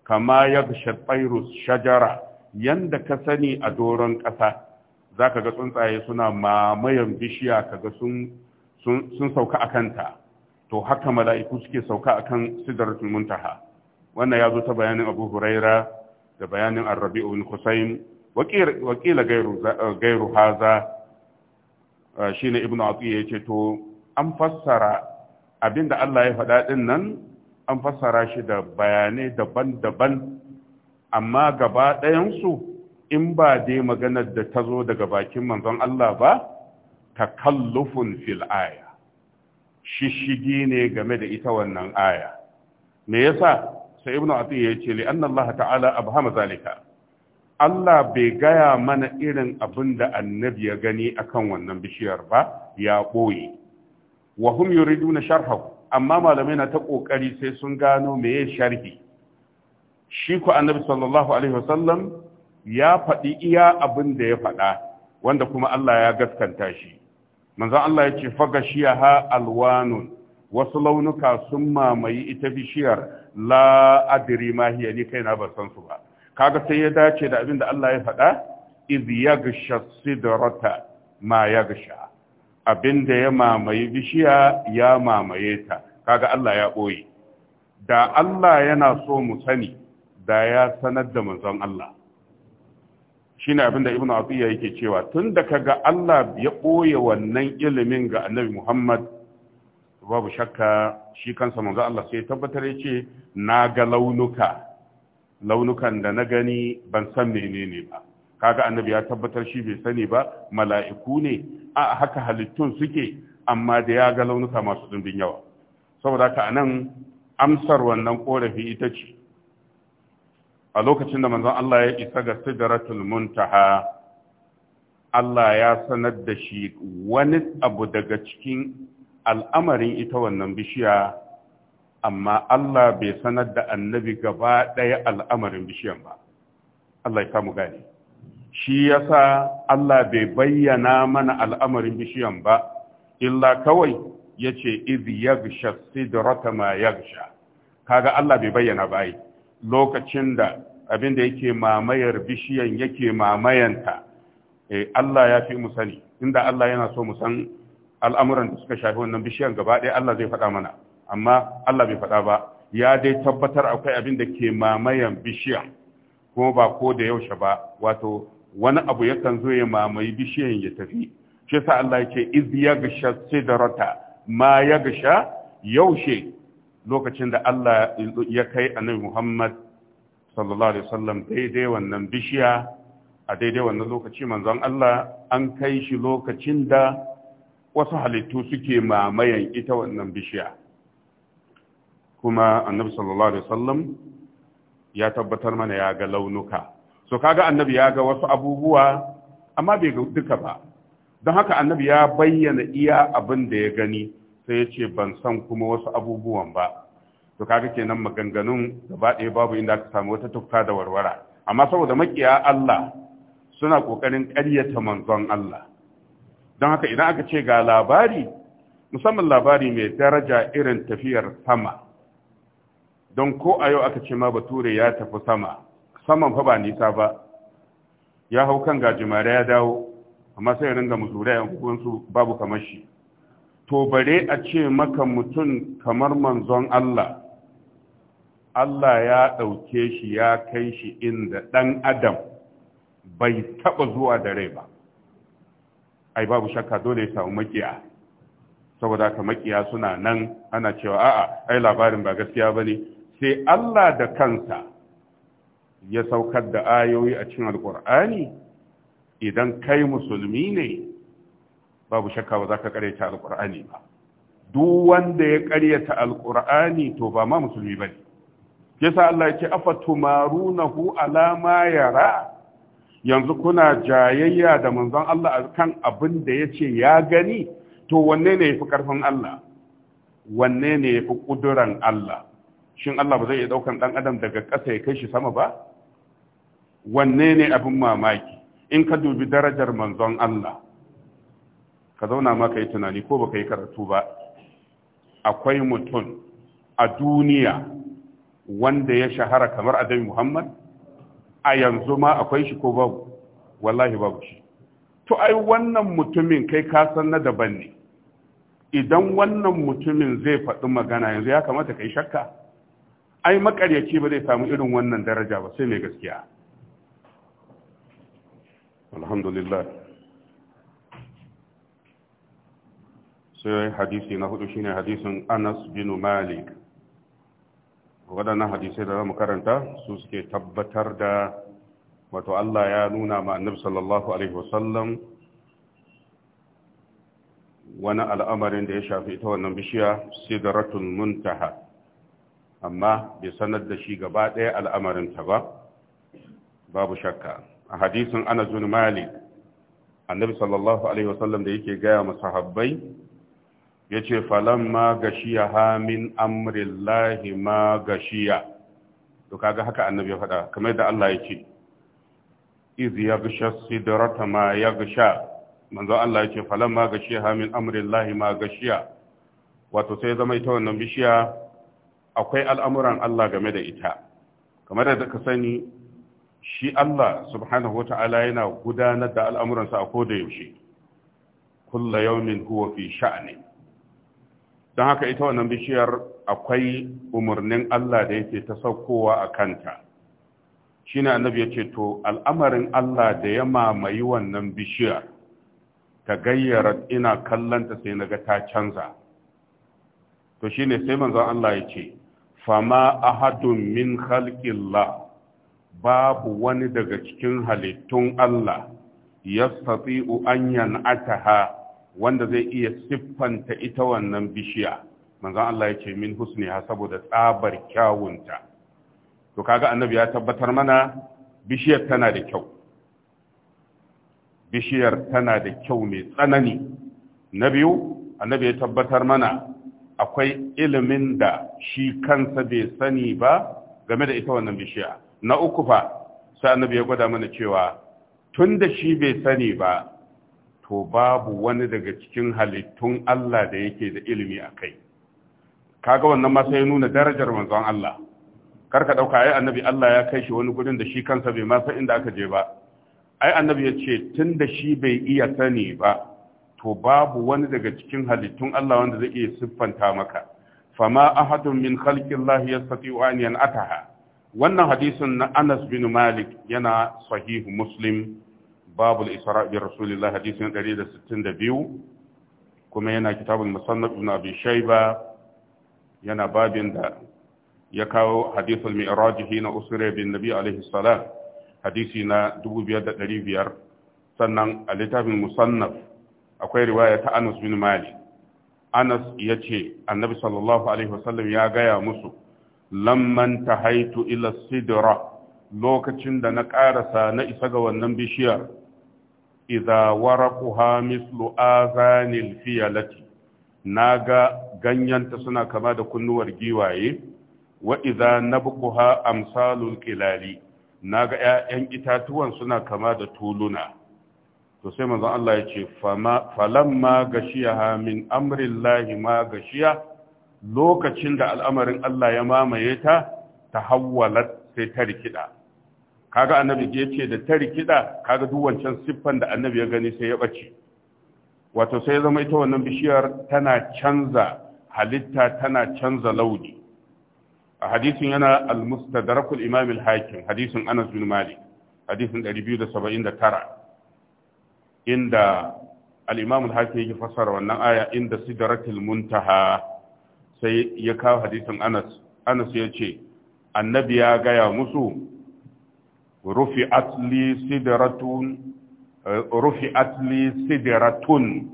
kama ya gisha tsairu shajara yanda ka sani a doron ƙasa za ka ga tsuntsaye suna mamayan bishiya ka ga sun sauka a kanta to haka mala'iku suke sauka a kan sidaratul muntaha wannan ya zo ta bayanin abu huraira da bayanin arrabi'u bin husayn wakila gairu haza eh, shine ibnu ya ce to an fassara abinda Allah ya faɗa din nan an fassara shi da bayanai daban-daban amma gaba ɗayansu in ba dai maganar da ta zo daga bakin manzon Allah ba ta kallufin fil aya shishigi ne game da ita wannan aya me yasa sai ibnu ya yace li anna Allah ta'ala abhama zalika Allah bai gaya mana irin abin da annabi ya gani akan wannan bishiyar ba ya ɓoye wa hum yuriduna sharhahu amma malamai na ta ƙoƙari sai sun gano meye sharhi shi ku annabi sallallahu alaihi wasallam ya faɗi iya abin da ya faɗa wanda kuma Allah ya gaskanta shi manzon Allah ya ce fagashiyaha alwanun wasu launuka sun mamayi ita bishiyar la adri ma hiya ni kaina ba san su ba kaga sai ya dace da abin da Allah ya faɗa iz yaghsha sidrata ma yaghsha abin da ya mamaye bishiya ya mamaye ta kaga Allah ya ɓoye da Allah yana so mu sani da ya sanar da manzon Allah Shi shine abinda ibn atiya yake cewa tun da ga Allah ya ɓoye wannan ilimin ga annabi Muhammad babu shakka shi kansa manzon Allah sai tabbatar ce na ga launuka launukan da na gani ban san menene ba kaga annabi ya tabbatar shi bai sani ba mala'iku ne a haka halittun suke amma da ya ga launuka masu dimbin yawa saboda haka anan amsar wannan korafi ita ce a lokacin da manzon Allah ya isa ga sidratul muntaha Allah ya sanar da shi wani abu daga cikin al'amarin ita wannan bishiya amma Allah bai sanar da annabi gaba ɗaya al'amarin bishiyan ba Allah ya kamu gane shi yasa Allah bai bayyana mana al'amarin bishiyan ba illa kawai yace iz yagsha sidrata ma yagsha kaga Allah bai bayyana ba yi lokacin da abin da yake mamayar bishiyan yake mamayanta eh, Allah ya fi mu sani inda Allah yana so mu san al'amuran da suka shafi wannan bishiyan gaba ɗaya Allah zai faɗa mana amma Allah bai faɗa ba ya dai tabbatar akwai abin da ke mamayan bishiya, kuma ba ko da yaushe ba wato wani abu yakan zo ya mamayi bishiyan ya tafi shi yasa Allah yake ce iz yagsha sidrata ma yagsha yaushe lokacin da Allah ya kai annabi Muhammad sallallahu alaihi wasallam daidai wannan bishiya a daidai wannan lokaci manzon Allah an kai shi lokacin da wasu halittu suke mamayan ita wannan bishiya kuma annabi sallallahu alaihi wasallam ya tabbatar mana ya ga launuka so kaga annabi ya ga wasu abubuwa amma bai ga duka ba don haka annabi ya bayyana iya abin da ya gani sai ya ce ban san kuma wasu abubuwan ba to kaga kenan maganganun gaba ɗaya babu inda aka samu wata tufka da warwara amma saboda makiya Allah suna ƙoƙarin ƙaryata manzon Allah don haka idan aka ce ga labari musamman labari mai daraja irin tafiyar sama don ko a yau aka ce ma ba Ture ya tafi sama saman fa ba nisa ba ya hau kan gajimare ya dawo amma sai ringa musulai yan babu kamar shi to bare a ce maka mutum kamar manzon Allah Allah ya ɗauke shi ya kai shi inda ɗan adam bai taɓa zuwa da rai ba ai babu shakka dole ya samu makiya saboda haka makiya suna nan ana cewa a'a ai labarin ba gaskiya ba ne sai Allah da kansa ya saukar da ayoyi a cin alkur'ani idan kai musulmi ne babu shakka ba za ka karyata Alƙur'ani ba duk wanda ya karyata Alƙur'ani to ba ma musulmi ba bane yasa Allah ya ce afatumarunahu ala ma yara yanzu kuna jayayya da manzon Allah kan abin da ya ce ya gani to wanne ne yafi karfin Allah wanne ne yafi ƙuduran Allah shin Allah ba zai iya daukan ɗan adam daga ƙasa ya kai shi sama ba wanne ne abin mamaki in ka dubi darajar manzon Allah ka zauna ma ka yi tunani ko baka yi karatu ba akwai mutum a duniya wanda ya shahara kamar adam muhammad a yanzu ma akwai shi ko babu wallahi babu shi to ai wannan mutumin kai kasan na daban ne idan wannan mutumin zai faɗi magana yanzu ya kamata ka yi shakka ai makaryaci ba zai samu irin wannan daraja ba sai mai gaskiya alhamdulillah sai hadisi na hudu shine hadisin Anas bin Malik waɗannan hadisai da zamu karanta su suke tabbatar da wato Allah ya nuna ma Annabi sallallahu alaihi wasallam wani al'amarin da ya shafi ita wannan bishiya sidratul muntaha amma bai sanar da shi gaba ɗaya al'amarin ta ba babu shakka a hadisin Anas bin Malik Annabi sallallahu alaihi wasallam da yake gaya masahabbai ya ce falamma gashiya hamin amrillahi ma gashiya to kaga haka annabi ya faɗa kamar da Allah ya ce iz yaghsha sidrata ma ya yaghsha manzo Allah ya ce falon falamma gashiya hamin amrillahi ma gashiya wato sai zama ita wannan bishiya akwai al'amuran Allah game da ita kamar da ka sani shi Allah subhanahu wa yana gudanar da al'amuransa a koda yaushe kulla yaumin huwa fi sha'anin don haka ita wannan bishiyar akwai umarnin Allah da yake ta saukowa a kanta shi ne annabi ya ce to al'amarin Allah da ya mamayi wannan bishiyar ta gayyara ina kallanta sai na ga ta canza to shi ne sai manzon Allah ya ce fama ahadun min khalqillah babu wani daga cikin halittun Allah yastati'u an yan'ataha wanda zai iya siffanta ita wannan bishiya manzon Allah ya ce min husni ha saboda tsabar kyawunta to kaga annabi ya tabbatar mana bishiyar tana da kyau bishiyar tana da kyau mai tsanani na biyu annabi ya tabbatar mana akwai ilimin da shi kansa bai sani ba game da ita wannan bishiya na uku fa sai annabi ya gwada mana cewa tun da shi bai sani ba to babu wani daga cikin halittun Allah da yake da ilimi a kai kaga wannan masa ya nuna darajar manzon Allah karka ɗauka ai annabi Allah ya kai shi wani gudun da shi kansa bai masa inda aka je ba ai annabi ya ce tun da shi bai iya sani ba to babu wani daga cikin halittun Allah wanda zai iya siffanta maka fama ahadun min khalqillahi yastati'u an yan'ataha wannan hadisin na Anas bin Malik yana sahihu Muslim babul isra bi rasulillah hadisin 162 kuma yana kitabul musannaf ibn abi yana babin da ya kawo hadithul mi'raj hina usra bin nabi alaihi salam hadisi na 2500 sannan a littafin musannaf akwai riwaya ta Anas bin Malik Anas ya ce, Annabi sallallahu Alaihi wasallam ya gaya musu, Lamman ta haitu ila sidira lokacin da na ƙarasa na isa ga wannan bishiyar, idza waraquha mislu azanil fiyalati naga ganyanta suna kama da kunnuwar giwaye wa idza nabquha amsalul Na naga 'ya'yan itatuwan suna kama da tuluna to sai manzon Allah ya ce falamma gashiyaha min amrillahi ma gashiya lokacin da al'amarin Allah ya mamaye ta tahawwalat sai ta rikida kaga annabi ya ce da ta rikida kaga duk wancan siffan da annabi ya gani sai ya bace wato sai zama ita wannan bishiyar tana canza halitta tana canza launi a hadisin yana al-mustadrakul imam al-hakim hadisin Anas bin Malik hadisin 279 inda al-imam al-hakim yake fassara wannan aya inda sidratil muntaha sai ya kawo hadisin Anas Anas ya ce annabi ya gaya musu rufi'at li sidratun eh, rufi'at li sidratun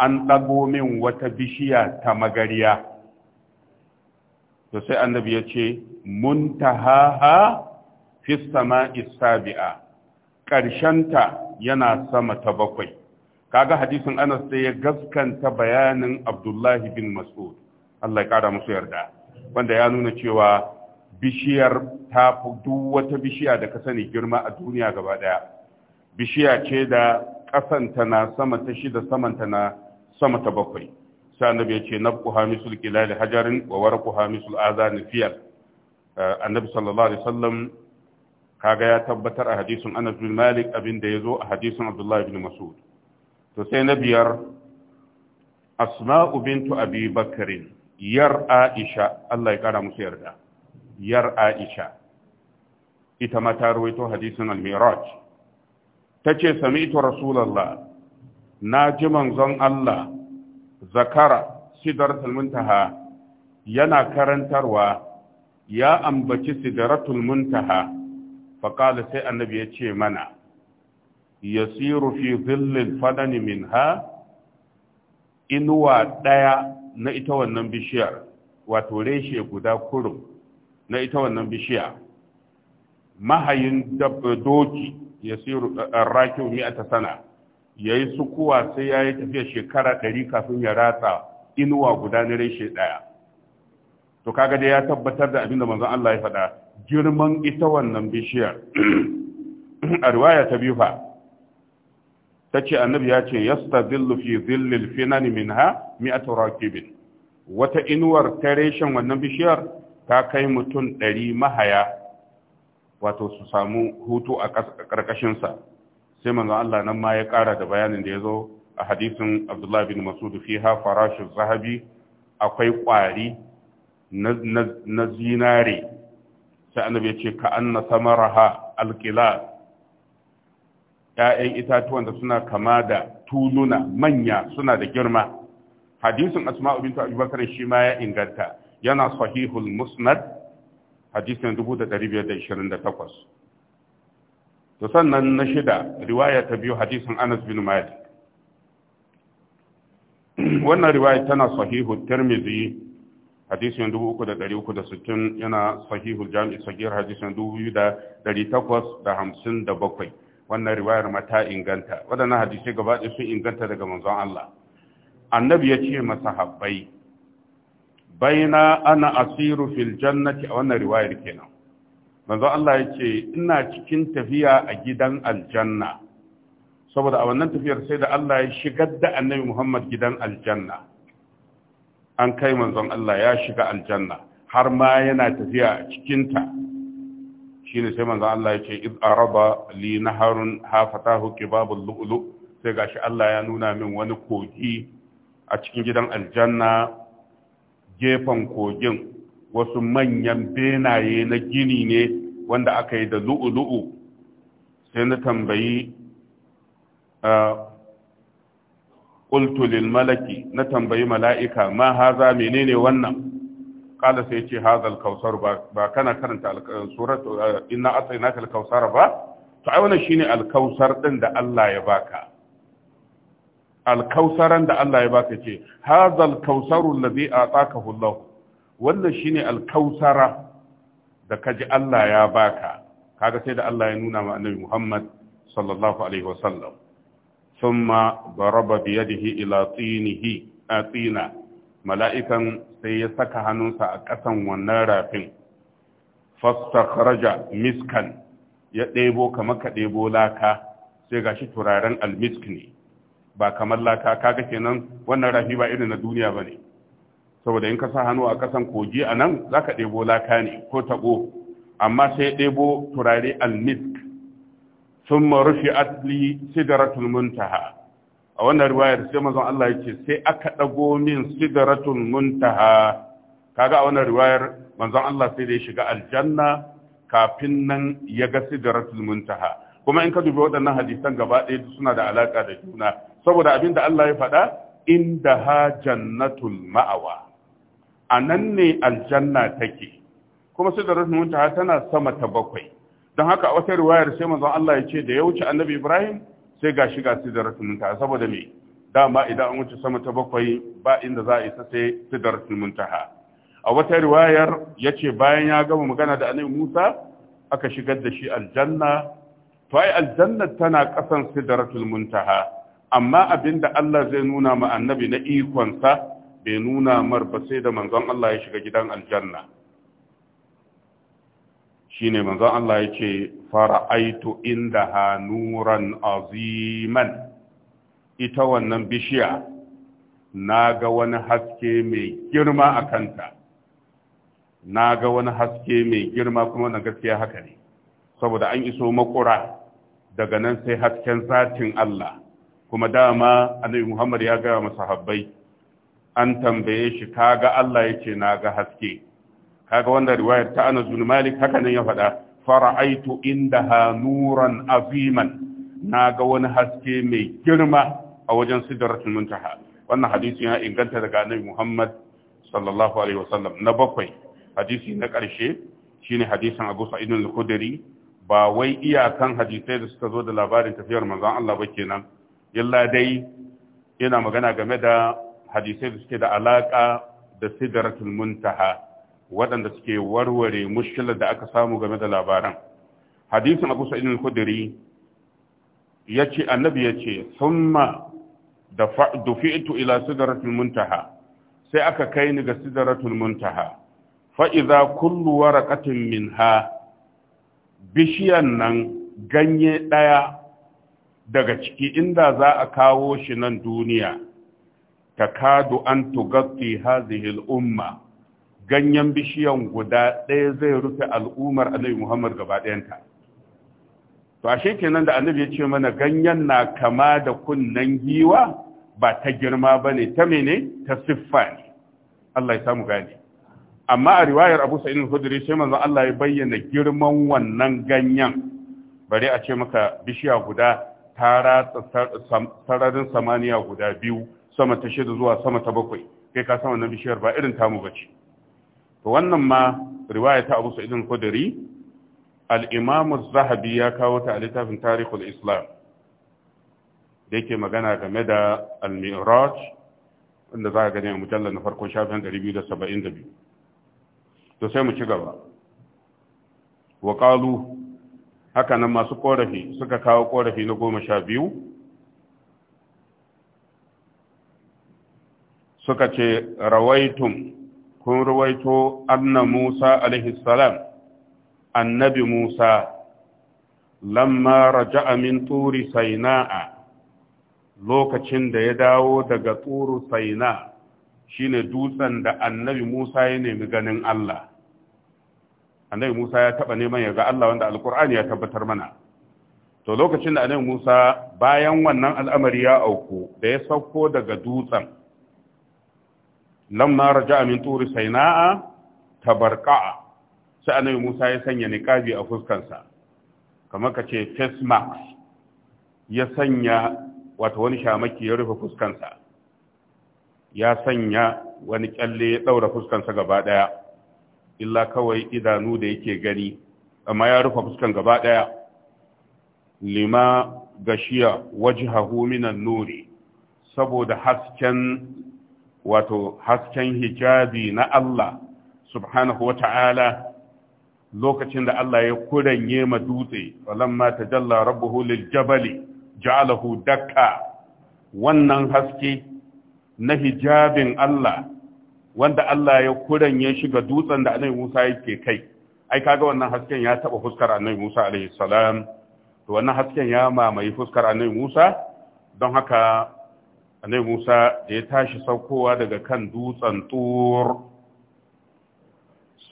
an dago min wata bishiya ta magariya to sai annabi ya ce muntahaha fi sama'i sabi'a ƙarshenta yana sama ta bakwai kaga hadisin Anas sai ya gaskanta bayanin Abdullahi bin Mas'ud Allah ya ƙara musu yarda wanda ya nuna cewa bishiyar ta fi duk wata bishiya da ka sani girma a duniya gaba daya bishiya ce da ƙasanta na sama ta shida samanta na sama ta bakwai sai annabi ya ce nabku hamisul kilali hajarin wa warqu hamisul azan fiyal eh, annabi sallallahu alaihi wasallam kaga ya tabbatar a hadisin Anas bin Malik abin da yazo a hadisin Abdullahi bin Mas'ud to sai na biyar Asma'u bintu Abi yar Aisha Allah ya kara musu yarda yar Aisha ita ma ta ruwaito hadisin al-Miraj tace sami'tu Rasulullah na ji manzon Allah zakara sidratul muntaha yana karantarwa ya ambaci sidaratul muntaha Baƙala sai annabi ya ce mana yasiru fi zillin fadani minha inuwa ɗaya na ita wannan bishiyar wato reshe guda kurum na ita wannan bishiya mahayin doki ya siru eh, rakiu mi'ata sana yayi sukuwa sai yayi tafiya shekara ɗari kafin ya ratsa inuwa guda na reshe ɗaya. to kaga dai ya tabbatar da abinda manzon Allah ya faɗa girman ita wannan bishiyar a riwaya ta biyu fa tace annabi ya ce yastadillu fi dhillil finan minha mi'atu rakibin wata inuwar ta reshen wannan bishiyar ta kai mutum ɗari mahaya wato su samu hutu a ƙarƙashinsa sai manzon Allah nan ma ya ƙara da bayanin da ya zo a hadisin Abdullah bin Masud fi ha farashin zahabi akwai ƙwari na zinare sai annabi ya ce ka anna samaraha alqilal ‘ya'yan itatuwan da suna kama da tuluna manya suna da girma. Hadisin Asma'u bintu Abubakar shi ma ya inganta. yana sahihul musnad hadisin 1528 to sannan na shida riwaya ta biyu hadisin Anas bin Malik wannan riwaya tana sahihu Tirmidhi hadisin 3360 yana sahihul Jami'i Sagir hadisin 2857 wannan riwayar ma ta inganta waɗannan hadisai gaba ɗaya sun inganta daga manzon Allah annabi ya ce masahabbai baina ana asiru fil jannati a wannan riwayar kenan manzo Allah yake ina cikin tafiya a gidan aljanna saboda a wannan tafiyar sai da Allah ya shigar da annabi Muhammad gidan aljanna an kai manzon Allah ya shiga aljanna har ma yana tafiya a ta shine sai manzon Allah yake ce iz araba li naharun hafatahu kibabul lu'lu sai gashi Allah ya nuna min wani kogi a cikin gidan aljanna gefen kogin wasu manyan benaye na gini ne wanda aka yi da lu'u-lu'u sai na tambayi ƙultulil ah, malaki na tambayi mala'ika ma haza menene wannan kala sai ce hazal kausar ba kana karanta eh, surat eh, inna asainaka alkausar ba to ai wannan shine alkausar ɗin da Allah ya baka alkausaran da Allah ya baka ce hazal kausaru allazi atakahu Allah wannan shine alkausara da kaji Allah ya baka kaga sai da Allah ya nuna ma annabi Muhammad sallallahu alaihi wasallam thumma daraba bi yadihi ila tinihi atina mala'ikan sai ya saka hannunsa a ƙasan wannan rafin fastakharaja miskan ya ɗebo kamar ka ɗebo laka sai gashi turaren almisk ne ba kamar laka kaga kenan wannan rafi ba irin na duniya ba ne saboda in ka sa hannu a kasan kogi a nan za ka ɗebo laka ne ko taɓo amma sai ɗebo turare almisk sun rufe asli sidaratul muntaha a wannan riwayar sai mazan Allah ya ce sai aka ɗago min sidaratul muntaha kaga a wannan riwayar manzon Allah sai da ya shiga aljanna kafin nan ya ga sidratul muntaha kuma in ka dubi waɗannan hadisan gaba ɗaya suna da alaƙa da juna saboda abin da Allah ya faɗa inda ha jannatul ma'awa a nan ne aljanna take kuma sai da ta tana sama ta bakwai don haka a wata riwayar sai manzon Allah ya ce da ya wuce annabi Ibrahim sai ga shiga sidratul muntaha saboda me dama idan an wuce sama ta bakwai ba inda za a isa sai sidratul muntaha a wata riwayar yace bayan ya gama magana da annabi Musa aka shigar da shi aljanna to ai aljanna tana kasan sidratul muntaha amma abinda Allah zai nuna ma annabi na ikonsa bai nuna mar ba sai da manzon Allah ya shiga gidan aljanna shine manzon Allah ya ce fara'aitu indaha nuran aziman ita wannan bishiya na ga wani haske mai girma a kanta na ga wani haske mai girma kuma na gaskiya haka ne saboda an iso makura daga nan sai hasken zatin Allah kuma dama annabi Muhammad ya gaya masa an tambaye shi kaga Allah yake na ga haske kaga wannan riwayar ta Anas bin Malik haka nan ya faɗa fara'aitu indaha nuran aziman naga wani haske mai girma a wajen sidratul muntaha wannan hadisi ya inganta daga Annabi Muhammad sallallahu alaihi wasallam na bakwai hadisi na karshe shine hadisin Abu Sa'id al-Khudri ba wai iyakan hadisai da suka zo da labarin tafiyar manzon Allah ba kenan illa dai yana magana game da hadisai da suke da alaka da sidratul muntaha waɗanda suke warware mushkilar da aka samu game da labaran hadisin Abu Sa'id al-Khudri yace annabi yace summa da dufi'tu ila sidratul muntaha sai aka kai ni ga sidratul muntaha fa idza kullu waraqatin minha bishiyan nan ganye ɗaya daga ciki inda za a kawo shi nan duniya ta kadu an tugatti hazihil umma ganyen bishiyan guda ɗaya zai rufe al'ummar annabi muhammad gaba ɗayanta to ashe kenan da annabi ya ce mana ganyen na kama da kunnen giwa ba ta girma ba ne ta mene ta siffa ne Allah ya samu gane amma a riwayar Abu Sa'id al sai manzon Allah ya bayyana girman wannan ganyen bari a ce maka bishiya guda ta ratsa sararin samaniya guda biyu sama ta shida zuwa sama ta bakwai kai ka sama wannan bishiyar ba irin tamu bace to wannan ma riwaya ta Abu Sa'id al-Khudri zahabi ya kawo ta a littafin Tarikh islam da yake magana game da al-Mi'raj wanda za a gani a mujallar na farkon shafin 272 to sai mu ci gaba wa qalu haka nan masu ƙorafi suka kawo korafi na goma sha biyu suka ce rawaitun, kun rawaito anna musa alaihi annabi musa lamma raja'a min turi saina'a lokacin da ya dawo daga turu saina shine dutsen da annabi musa ya nemi ganin allah annabi Musa ya taba neman ya ga Allah wanda alkur'ani ya tabbatar mana to lokacin da annabi Musa bayan wannan al'amari ya auku da ya sauko daga dutsen lamma raja'a min turi saina'a tabarqa'a sai annabi Musa ya sanya niqabi a fuskansa kamar ka ce face mask ya sanya wato wani shamaki ya rufe fuskansa ya sanya wani kyalle ya ɗaura fuskansa gaba ɗaya. illa kawai idanu da yake gani amma ya rufe fuskan gaba daya lima gashiya wajhahu minan nuri saboda hasken wato hasken hijabi na Allah subhanahu wa ta'ala lokacin da Allah ya kuranye ma dutse falamma tajalla rabbuhu lil jabali ja'alahu dakka wannan haske na hijabin Allah wanda Allah ya kuranye shi ga dutsen da annabi Musa yake kai ai kaga wannan hasken ya taba fuskar annabi Musa alaihi salam to wannan hasken ya mamaye fuskar annabi Musa don haka annabi Musa da ya tashi saukowa daga kan dutsen tur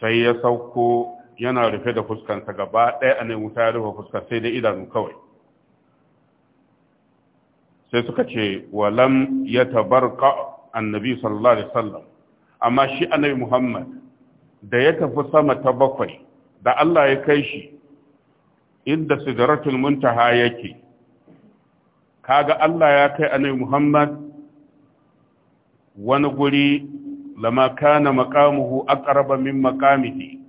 sai ya sauko yana rufe da fuskansa gaba ɗaya annabi Musa ya rufe fuskar sai da idanu kawai sai suka ce walam ya tabarka annabi sallallahu alaihi wasallam amma shi annabi Muhammad da ya tafi sama ta bakwai da Allah ya kai shi inda sidratul muntaha yake kaga Allah ya kai annabi Muhammad wani guri lama kana maqamuhu aqraba min maqamihi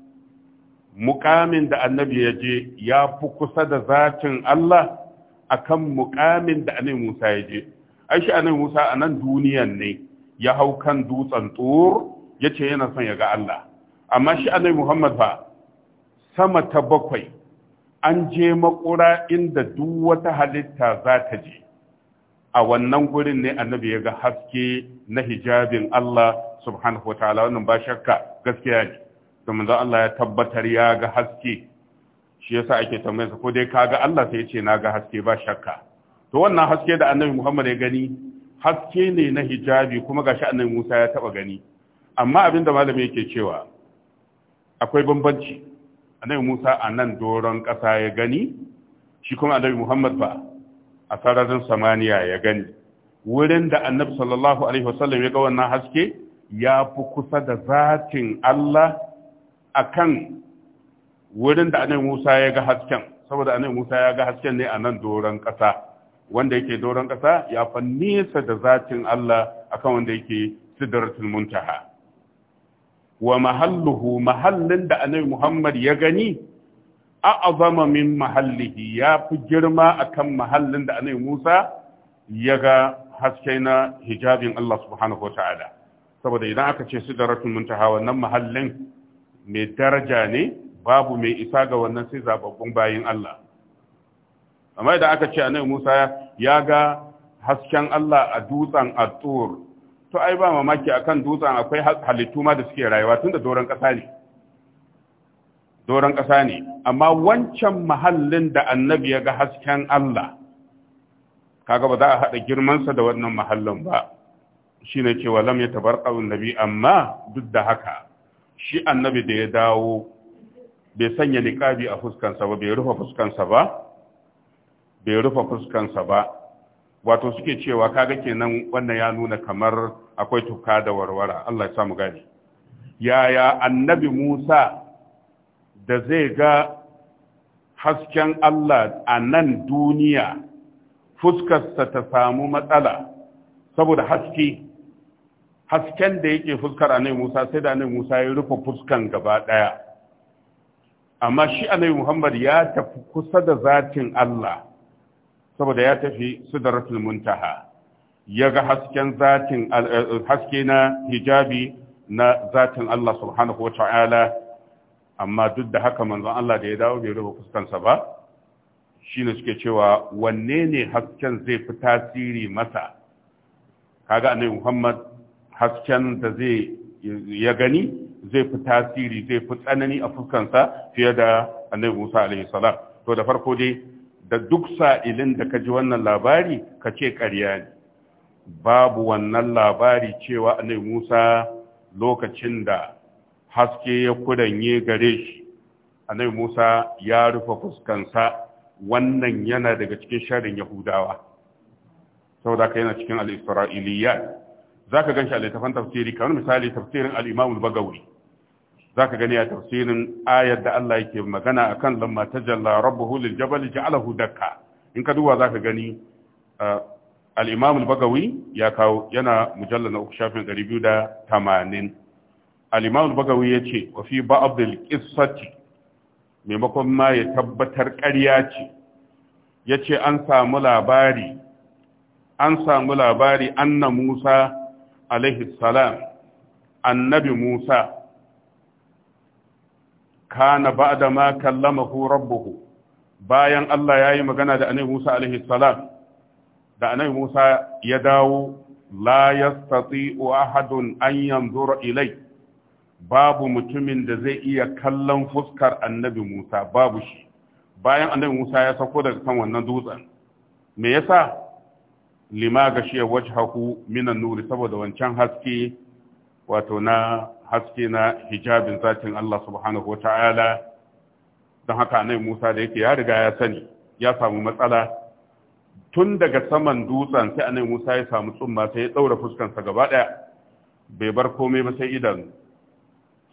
muqamin da annabi ya je ya fi kusa da zatin Allah akan muqamin da annabi Musa ya je ai shi annabi Musa a nan duniyan ne ya hau kan dutsen tur ya ce yana son ya ga Allah amma shi annabi Muhammad fa sama ta bakwai an je makura inda duk wata halitta za ta je a wannan gurin ne annabi ya ga haske na hijabin Allah subhanahu wa ta'ala wannan ba shakka gaskiya ne to manzo Allah ya tabbatar ya ga haske shi yasa ake tambayarsa ko dai ka ga Allah sai ya ce na ga haske ba shakka to wannan haske da annabi Muhammad ya gani haske ne na hijabi kuma gashi annabi Musa ya taba gani amma abin da malami yake cewa akwai bambanci annabi Musa a nan doron ƙasa ya gani shi kuma annabi Muhammad ba a sararin samaniya ya gani wurin da annabi sallallahu alaihi wasallam ya ga wannan haske ya fi kusa da zatin Allah akan wurin da annabi Musa ya ga hasken saboda annabi Musa ya ga hasken ne a nan doron ƙasa wanda yake doron ƙasa ya fa nesa da zatin Allah akan wanda yake sidratul muntaha wa mahalluhu mahallin da annabi Muhammad ya gani a'azama min mahallihi ya fi girma akan mahallin da annabi Musa ya ga haske na hijabin Allah subhanahu wa saboda idan aka ce sidratul muntaha wannan mahallin mai daraja ne babu mai isa ga wannan sai zababbun bayin Allah amma idan aka ce annabi Musa ya ga hasken Allah a dutsen atur. to ai ba mamaki akan dutsen akwai halittu ma da suke rayuwa tunda doron ƙasa ne doron ƙasa ne amma wancan mahallin da annabi ya ga hasken Allah kaga ba za a haɗa girmansa da wannan mahallin ba shi ce cewa lam ya tabarka nabi amma duk da haka shi annabi da ya dawo bai sanya niƙabi a fuskansa ba bai rufe fuskansa ba bai rufe fuskansa ba wato suke cewa kaga kenan wannan ya nuna kamar akwai tuka da warwara Allah ya samu gani yaya annabi Musa da zai ga hasken Allah a nan duniya fuskarsa ta samu matsala saboda haske hasken da yake fuskar annabi Musa sai da annabi Musa ya rufe fuskan gaba daya amma shi annabi Muhammad ya tafi kusa da zatin Allah saboda ya tafi sidratul muntaha ya ga hasken zatin eh, eh, haske na hijabi na zatin Allah subhanahu wa ta'ala amma duk da haka manzon Allah da ya dawo bai rufe fuskansa ba ne suke cewa wanne ne hasken zai fi tasiri masa kaga annabi Muhammad hasken da zai ya gani zai fi tasiri zai fi tsanani a fuskansa fiye da annabi Musa alaihi salam to da farko dai da duk sa'ilin da ka ji wannan labari ka ce ƙarya ne babu wannan labari cewa annabi Musa lokacin da haske ya kudanye gare shi annabi Musa ya rufe fuskansa wannan yana daga cikin sharin Yahudawa Sau da ka yana cikin za ka gan ganshi a littafin tafsiri kamar misali tafsirin alimamul bagawai zaka gani a tafsirin ayar da Allah yake magana akan lamma tajalla rabbuhu lil jabal ja'alahu dakka in ka duba zaka gani al-imam al-bagawi ya kawo yana mujallal na uku shafin 280 al-imam al-bagawi yace wa fi ba'd al-qissati maimakon ma ya tabbatar karya ce yace an samu labari an samu labari anna Musa annabi Musa kana ba'da ma kallamahu rabbuhu bayan Allah ya yi magana da annabi Musa alaihi salam da annabi Musa ya dawo la yastati'u ahadun an yanzura ilai babu mutumin da zai iya kallon fuskar annabi Musa babu shi bayan annabi Musa ya sauko daga kan wannan dutsen me yasa lima gashiya wajhahu minan nuri saboda wancan haske wato na haske na hijabin zatin Allah subhanahu wata'ala don haka nai Musa da yake ya riga ya sani ya samu matsala tun daga saman dutsen sai anai Musa ya samu tsumma sai ya daura fuskansa gaba ɗaya. bai bar komai ba sai idan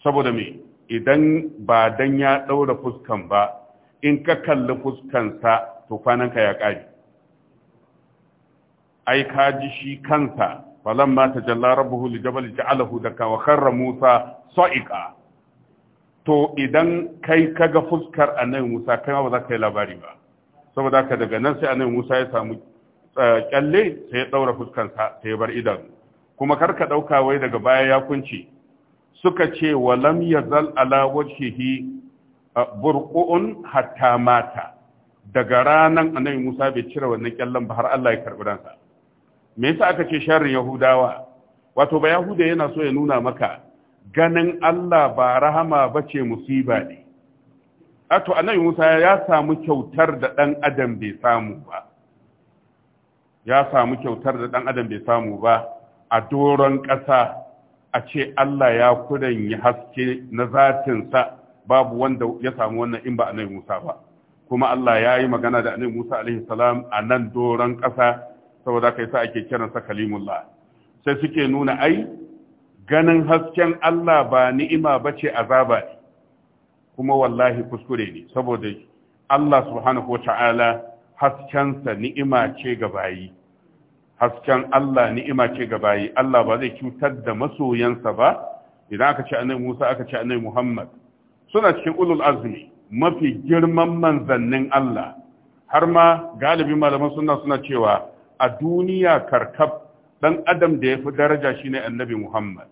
saboda me idan ba dan ya daura fuskan ba in ka kalli fuskansa to ka ya kare ai ka ji shi kansa falamma tajalla rabbuhu lijabal ja'alahu daka wa kharra Musa sa'iqa to idan kai ka ga fuskar annabi Musa kai ma ba za ka yi labari ba saboda haka daga nan sai annabi Musa ya samu kyalle sai ya daura fuskarsa sai ya bar idan kuma kar ka ɗauka wai daga baya ya kunci suka ce wa lam yazal ala wajhihi burqu'un hatta mata daga ranan annabi Musa bai cire wannan kyallan ba har Allah ya karbi ransa me yasa aka ce sharrin yahudawa wato ba yahuda yana so ya nuna maka ganin Allah ba rahama ba ce musiba ne ato annabi Musa ya samu kyautar da dan adam bai samu ba ya samu kyautar da dan adam bai samu ba a doron ƙasa a ce Allah ya kudan yi haske na zatinsa babu wanda ya samu wannan in ba annabi Musa ba kuma Allah ya yi magana da annabi Musa alaihi salam a nan doron ƙasa saboda kai sa ake kiransa kalimullah sai suke nuna ai ganin hasken Allah ba ni'ima bace azaba ne kuma wallahi kuskure ne saboda Allah subhanahu wata'ala haskensa ni'ima ce ga bayi hasken Allah ni'ima ce ga bayi Allah ba zai cutar da masoyansa ba idan aka ce annabi Musa aka ce annabi Muhammad suna cikin ulul azmi mafi girman manzannin Allah har ma galibi malaman sunna suna cewa a duniya karkab ɗan adam da ya fi daraja shine annabi Muhammad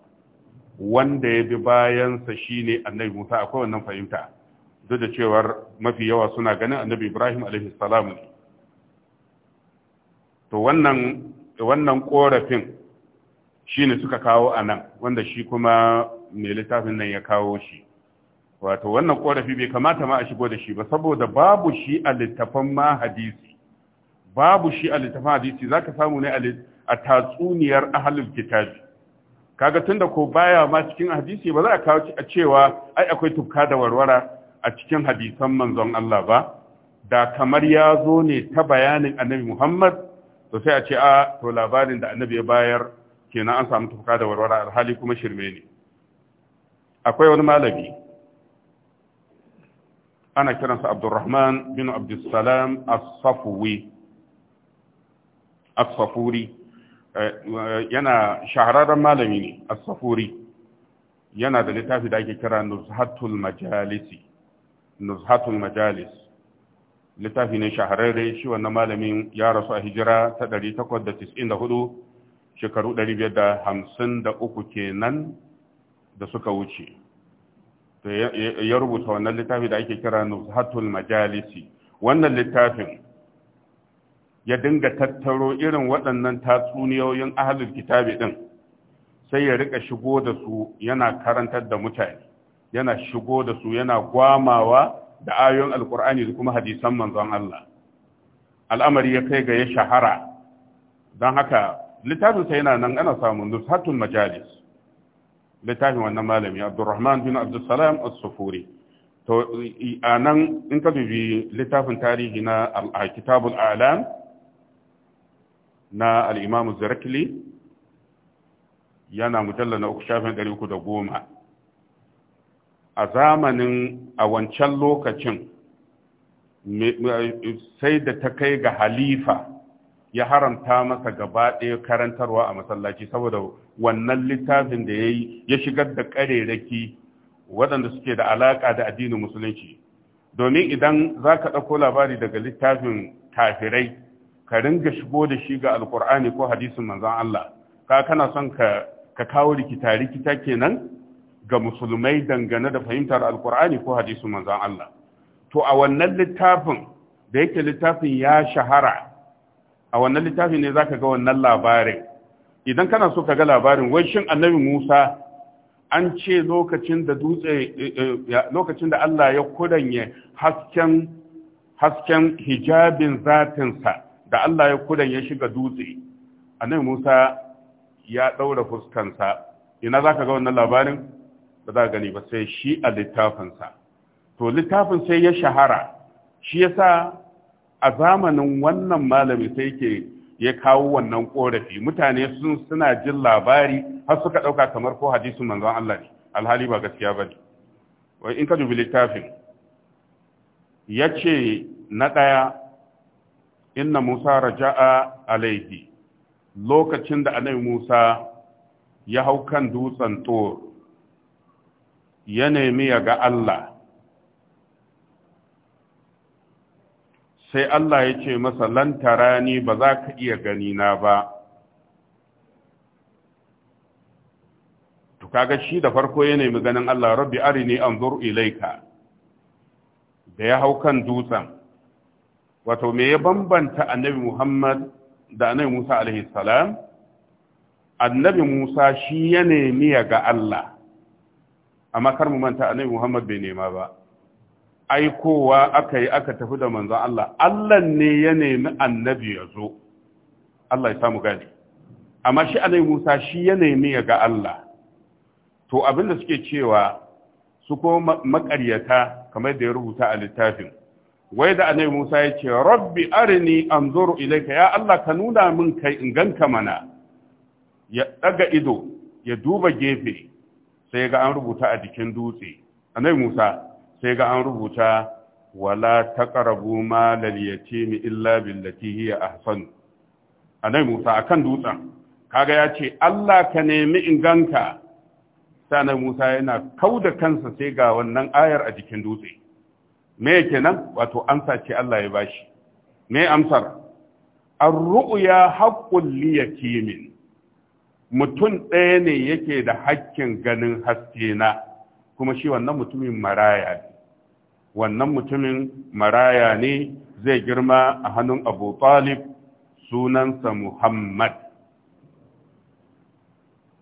wanda ya bi bayansa shine annabi Musa akwai wannan fahimta duk da cewar mafi yawa suna ganin annabi Ibrahim alaihi salamu ne to wannan wannan korafin shine suka kawo anan wanda shi kuma mai littafin nan ya kawo shi wato wannan korafi bai kamata ma a shigo da shi ba saboda babu shi a littafan ma hadisi babu shi a littafin hadisi zaka samu ne a tatsuniyar ahlul kitabi kaga tun da ko baya ma cikin hadisi ba za a kawo a cewa ai akwai tufka da warwara a cikin hadisan manzon Allah ba da kamar ya zo ne ta bayanin annabi Muhammad to sai a ce a ah, to labarin da annabi ya bayar kenan an samu tufka da warwara alhali kuma shirme ne akwai wani malami ana kiransa Abdurrahman bin Abdulsalam As-Safwi as eh, yana shahararren malami ne as-safuri yana da littafi da ake kira nuzhatul majalisi nuzhatul majalis littafi ne shahararre shi wannan malamin ya rasu a hijira ta 894 shekaru 553 kenan da suka wuce ya rubuta wannan littafi da ake kira nuzhatul majalisi wannan littafin ya dinga tattaro irin waɗannan tatsuniyoyin ahalin kitabi ɗin sai ya rika shigo da su yana karantar da mutane yana shigo da su yana gwamawa da ayoyin alkur'ani da kuma hadisan manzon Allah al'amari ya kai ga ya shahara don haka littafinsa yana nan ana samun nushatun majalis littafin wannan malami abdurrahman bin abdulsalam as-sufuri to a nan in ka dubi littafin tarihi na a kitabul alam na al'imamu zarakili yana mujalla na uku shafin ɗari uku da goma a zamanin a wancan lokacin sai da ta kai ga halifa ya haramta masa gaba ɗaya karantarwa a masallaci saboda wannan littafin da ya yi ya shigar da ƙarerraki waɗanda suke da alaƙa da addinin musulunci domin idan za ka ɗauko labari daga littafin kafirai ka ringa shigo da shi ga alkur'ani ko hadisin manzon Allah ka kana son ka kawo rikita rikita kenan ga musulmai dangane da fahimtar alkur'ani ko hadisin manzon Allah to a wannan littafin da yake littafin ya shahara a wannan littafin ne zaka ga wannan labarin idan kana so ka ga labarin wai shin annabi Musa an ce lokacin da dutse eh, eh, lokacin da Allah ya kudanye hasken hasken hijabin zatinsa da Allah ya kudan ya shiga dutse annabi Musa ya daura fuskansa ina zaka ga wannan labarin ba za gani ba sai shi a littafinsa to littafin sai ya shahara shi yasa a zamanin wannan malami sai ke ya kawo wannan korafi mutane sun suna jin labari har suka dauka kamar ko hadisin manzon Allah ne alhali ba gaskiya ne. wai in ka dubi littafin Ya ce na ɗaya. inna Musa raja'a alaihi lokacin da annabi Musa ya hau kan dutsen Tur ya nemi ya ga Allah sai Allah ya ce masa lantara ni ba za ka iya gani na ba to kaga shi da farko ya nemi ganin Allah rabbi arini anzur ilaika da ya hau kan dutsen wato me ya bambanta annabi Muhammad da annabi Musa alaihi salam annabi Musa shi ya nemi ga Allah amma kar mu manta annabi Muhammad bai nema ba aikowa aka yi aka tafi da manzon Allah Allah ne ya nemi annabi ya zo Allah ya samu gani amma shi annabi Musa shi ya nemi ga Allah to abin da suke cewa su ko makaryata kamar da ya rubuta a littafin wai da annabi Musa ya ce rabbi arini anzuru ilayka ya Allah ka nuna min kai in ganka mana ya daga ido ya duba gefe sai ga an rubuta a jikin dutse annabi Musa sai ga an rubuta wala taqrabu ma lal yatimi illa billati hiya ahsan annabi Musa akan dutsen kaga ya ce Allah ka nemi in ganka sai Musa yana kauda kansa sai ga wannan ayar a jikin dutse me nan? wato amsa ce Allah ya bashi me amsar ar-ru'ya haqqul liyakimin. yatimin mutum ɗaya ne yake da hakkin ganin haske na kuma shi wannan mutumin maraya ne wannan mutumin maraya ne zai girma a hannun Abu Talib sunansa Muhammad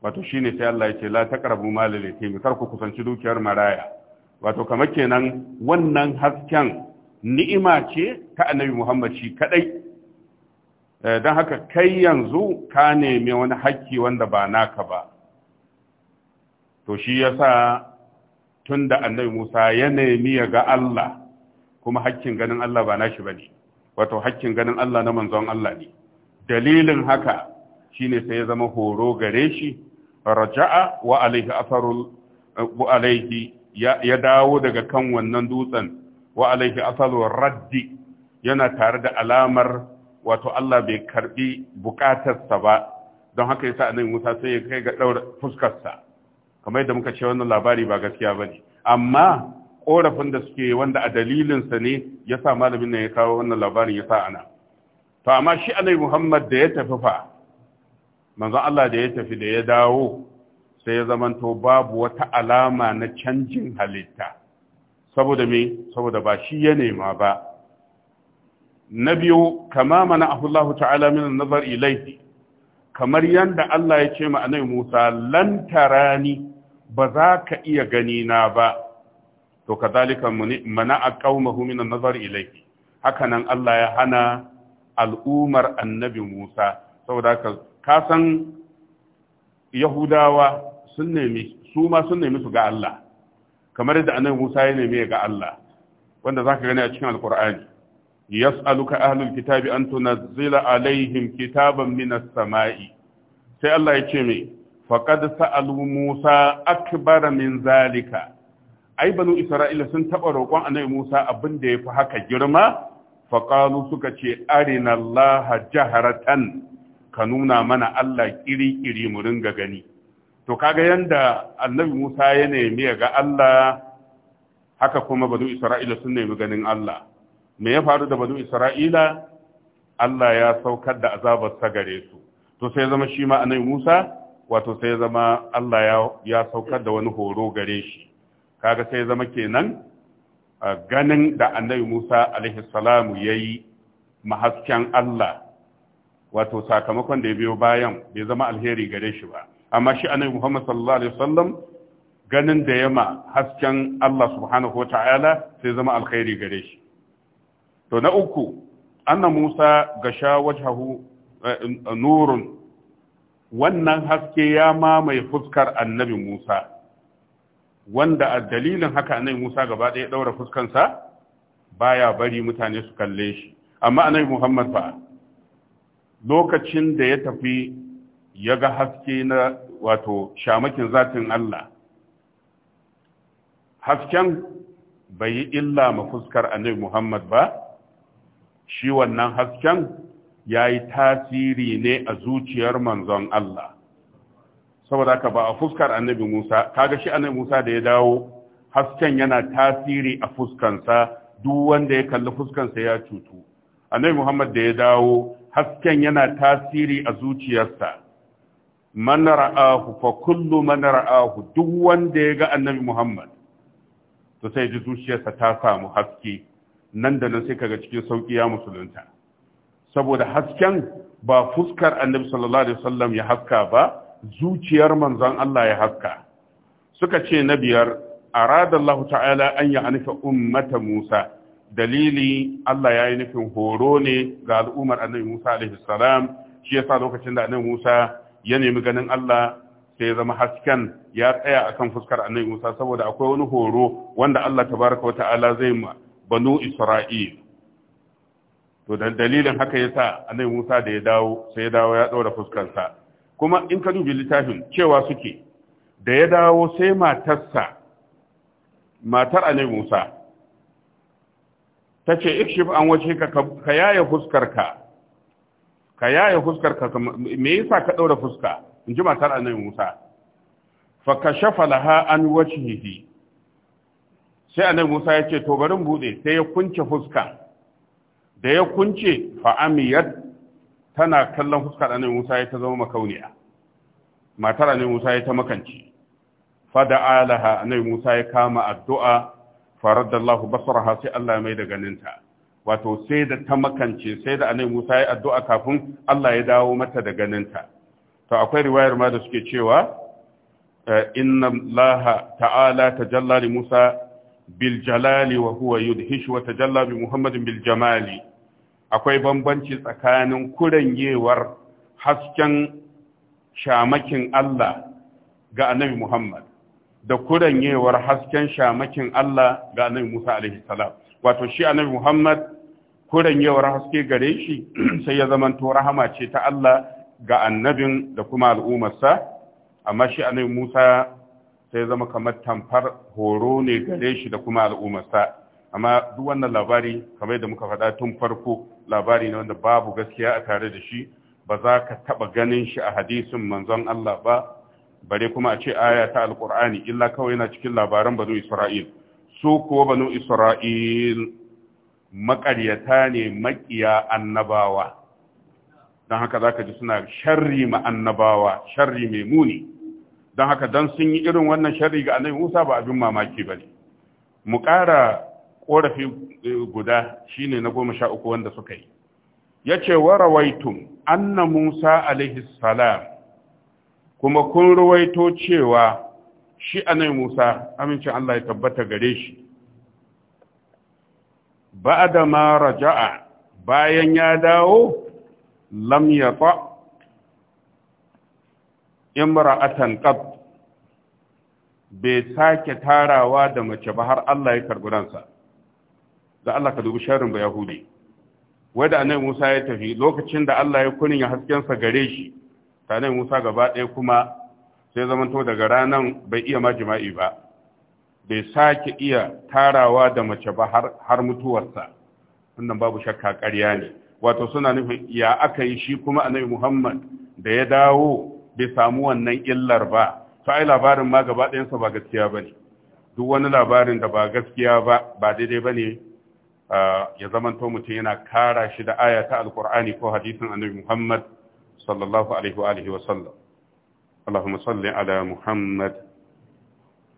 wato shine sai Allah ya ce la taqrabu mal yatim kar ku kusanci dukiyar maraya wato kamar kenan wannan hasken ni'ima ce ta annabi Muhammad shi kadai eh, don haka kai yanzu ka nemi wani hakki wanda ba naka ba to shi yasa tun da annabi Musa ya nemi ya ga Allah kuma hakkin ganin Allah ba nashi bane wato hakkin ganin Allah na manzon Allah ne dalilin haka shine sai ya zama horo gare shi raja'a wa alaihi asarul wa alaihi ya dawo daga kan wannan dutsen wa alaihi asalu raddi yana tare da alamar wato Allah bai karbi bukatarsa ba don haka yasa annabi Musa sai ya kai ga daura fuskarsa kamar yadda muka ce wannan labari ba gaskiya bane amma korafin da suke wanda a dalilinsa ne yasa malamin nan ya kawo wannan labarin ya sa ana to amma shi annabi muhammad da ya tafi fa manzo Allah da ya tafi da ya dawo sai ya zamanto babu wata alama na canjin halitta saboda me saboda ba shi ya nema ba na biyu kama mana Allah ta'ala min nazar ilaihi kamar yanda Allah ya ce ma annabi Musa lan tarani ba za ka iya gani na ba to kadalika mana aqawmuhu min nazar ilaihi haka nan Allah ya hana al'umar annabi Musa saboda ka san Yahudawa sun nemi su ma sun nemi su ga Allah kamar yadda annabi Musa ya nemi ga Allah wanda zaka gani a cikin alqur'ani yas'aluka ahlul kitabi an tunzila alaihim kitaban minas sama'i sai Allah ya ce me faqad sa'alu Musa akbara min zalika ai banu Isra'ila sun taba roƙon annabi Musa abin da yafi haka girma faqalu suka ce arina Allah jaharatan ka nuna mana Allah kiri-kiri mu ringa gani to kaga yanda annabi Musa ya nemi ga Allah haka kuma banu Isra'ila sun nemi ganin Allah me ya faru da banu Isra'ila Allah ya saukar da azabar ta gare su to sai zama shi ma annabi Musa wato sai zama Allah ya saukar da wani horo gare shi kaga sai zama kenan ganin da annabi Musa alaihi salamu yayi mahasken Allah wato sakamakon da ya biyo bayan bai zama alheri gare shi ba amma shi annabi Muhammad sallallahu alaihi wasallam ganin da yama hasken Allah subhanahu wa ta'ala sai zama alkhairi gare shi to na uku anna Musa ga wajhahu eh, nurun wannan haske ya mamaye fuskar annabi Musa wanda a dalilin haka annabi Musa gaba ɗaya fuskarsa, fuskansa baya bari mutane su kalle shi amma annabi Muhammad ba, lokacin da ya tafi ya ga haske na wato shamakin zatin Allah hasken bai yi illa ma fuskar annabi Muhammad ba shi wannan hasken ya yi tasiri ne a zuciyar manzon Allah saboda ka ba a fuskar annabi Musa kaga shi annabi Musa da ya dawo hasken yana tasiri a fuskansa duk wanda ya kalli fuskansa ya cutu annabi Muhammad da ya dawo hasken yana tasiri a zuciyarsa man ra'ahu fa kullu man ra'ahu duk wanda ya ga annabi Muhammad to sai ji zuciyarsa ta samu haske nan da nan sai kaga cikin sauki ya musulunta saboda hasken ba fuskar annabi sallallahu alaihi wasallam ya haska ba zuciyar manzon Allah ya haska suka ce na biyar arada Allah ta'ala an ya anifa ummata Musa dalili Allah ya yi nufin horo ne ga al'ummar annabi Musa alaihi salam shi yasa lokacin da annabi Musa ya nemi ganin Allah sai ya zama hasken ya tsaya akan fuskar annabi Musa saboda akwai wani horo wanda Allah tabaraka wa ta'ala zai ma banu Isra'il to dan dalilin haka yasa annabi Musa da ya dawo sai ya dawo ya daura fuskar kuma in ka dubi littafin cewa suke da ya dawo sai matarsa matar annabi Musa ta ce ikshif an wace ka ka yaya fuskar ka ka yaya fuskar ka me yasa ka daura fuska in ji matar annabi Musa fa kashafa laha an wajhihi sai annabi Musa ya ce to barin bude sai ya kunce fuska da ya kunce fa amiyat tana kallon fuskar annabi Musa ya ta zama makauniya matar annabi Musa ya ta makanci. fa laha annabi Musa ya kama addu'a faradallahu basaraha sai Allah mai da ganinta wato sai da ta makance sai da annabi Musa ya addu'a kafin Allah ya dawo mata da ganinta to akwai riwayar ma da suke cewa eh, inna Allah ta'ala tajalla li Musa bil jalali wa huwa yudhish wa tajalla bi Muhammadin bil jamali akwai bambanci tsakanin kuranyewar hasken shamakin Allah ga annabi Muhammad da kuranyewar hasken shamakin Allah ga annabi Musa alaihi salam wato shi annabi Muhammad yawar haske gare shi sai ya zamanto rahama ce ta Allah ga annabin da kuma al'ummarsa amma shi annabi Musa sai zama kamar tamfar horo ne gare shi da kuma al'ummarsa amma duk wannan labari kamar da muka faɗa tun farko labari ne wanda babu gaskiya a tare da shi ba za ka taɓa ganin shi a hadisin manzon Allah ba bare kuma a ce aya ta Alkur'ani, illa kawai yana cikin labaran banu Isra'il su kuwa banu Isra'il maƙaryata ne maƙiya annabawa don haka za ka ji suna sharri ma annabawa sharri mai muni don haka don sun yi irin wannan sharri ga annabi musa ba abin mamaki ba ne mu ƙara ƙorafi eh, guda shi ne na goma sha uku wanda suka yi ya ce wa rawaitun anna musa alaihi kuma kun rawaito cewa shi annabi musa amincin allah ya tabbata gare shi ba'da ma raja'a bayan ya dawo lam yata imra'atan qab bai sake tarawa da mace ba har Allah ya karbi ransa da Allah ka dubi sharrin ba yahudi wanda annabi Musa ya tafi lokacin da Allah ya kunin ya hasken sa gare shi ta Musa gaba ɗaya kuma sai zamanto daga ranan bai iya ma jima'i ba bai sake iya tarawa da mace ba har mutuwarsa wannan babu shakka ƙarya ne wato suna nufin ya aka yi shi kuma annabi muhammad da ya dawo bai samu wannan illar ba to ai labarin ma gaba ɗayansa ba gaskiya ba ne duk wani labarin da ba gaskiya ba ba daidai ba ne ya zamanto mutum yana kara shi da aya ta alkur'ani ko hadisin annabi muhammad sallallahu alaihi wa alihi wa sallam اللهم صل على محمد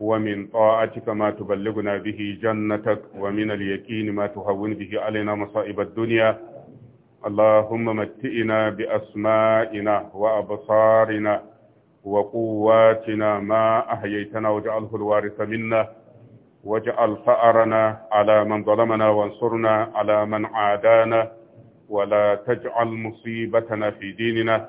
ومن طاعتك ما تبلغنا به جنتك ومن اليقين ما تهون به علينا مصائب الدنيا اللهم متئنا بأسمائنا وأبصارنا وقواتنا ما أحييتنا واجعله الوارث منا واجعل فأرنا على من ظلمنا وانصرنا على من عادانا ولا تجعل مصيبتنا في ديننا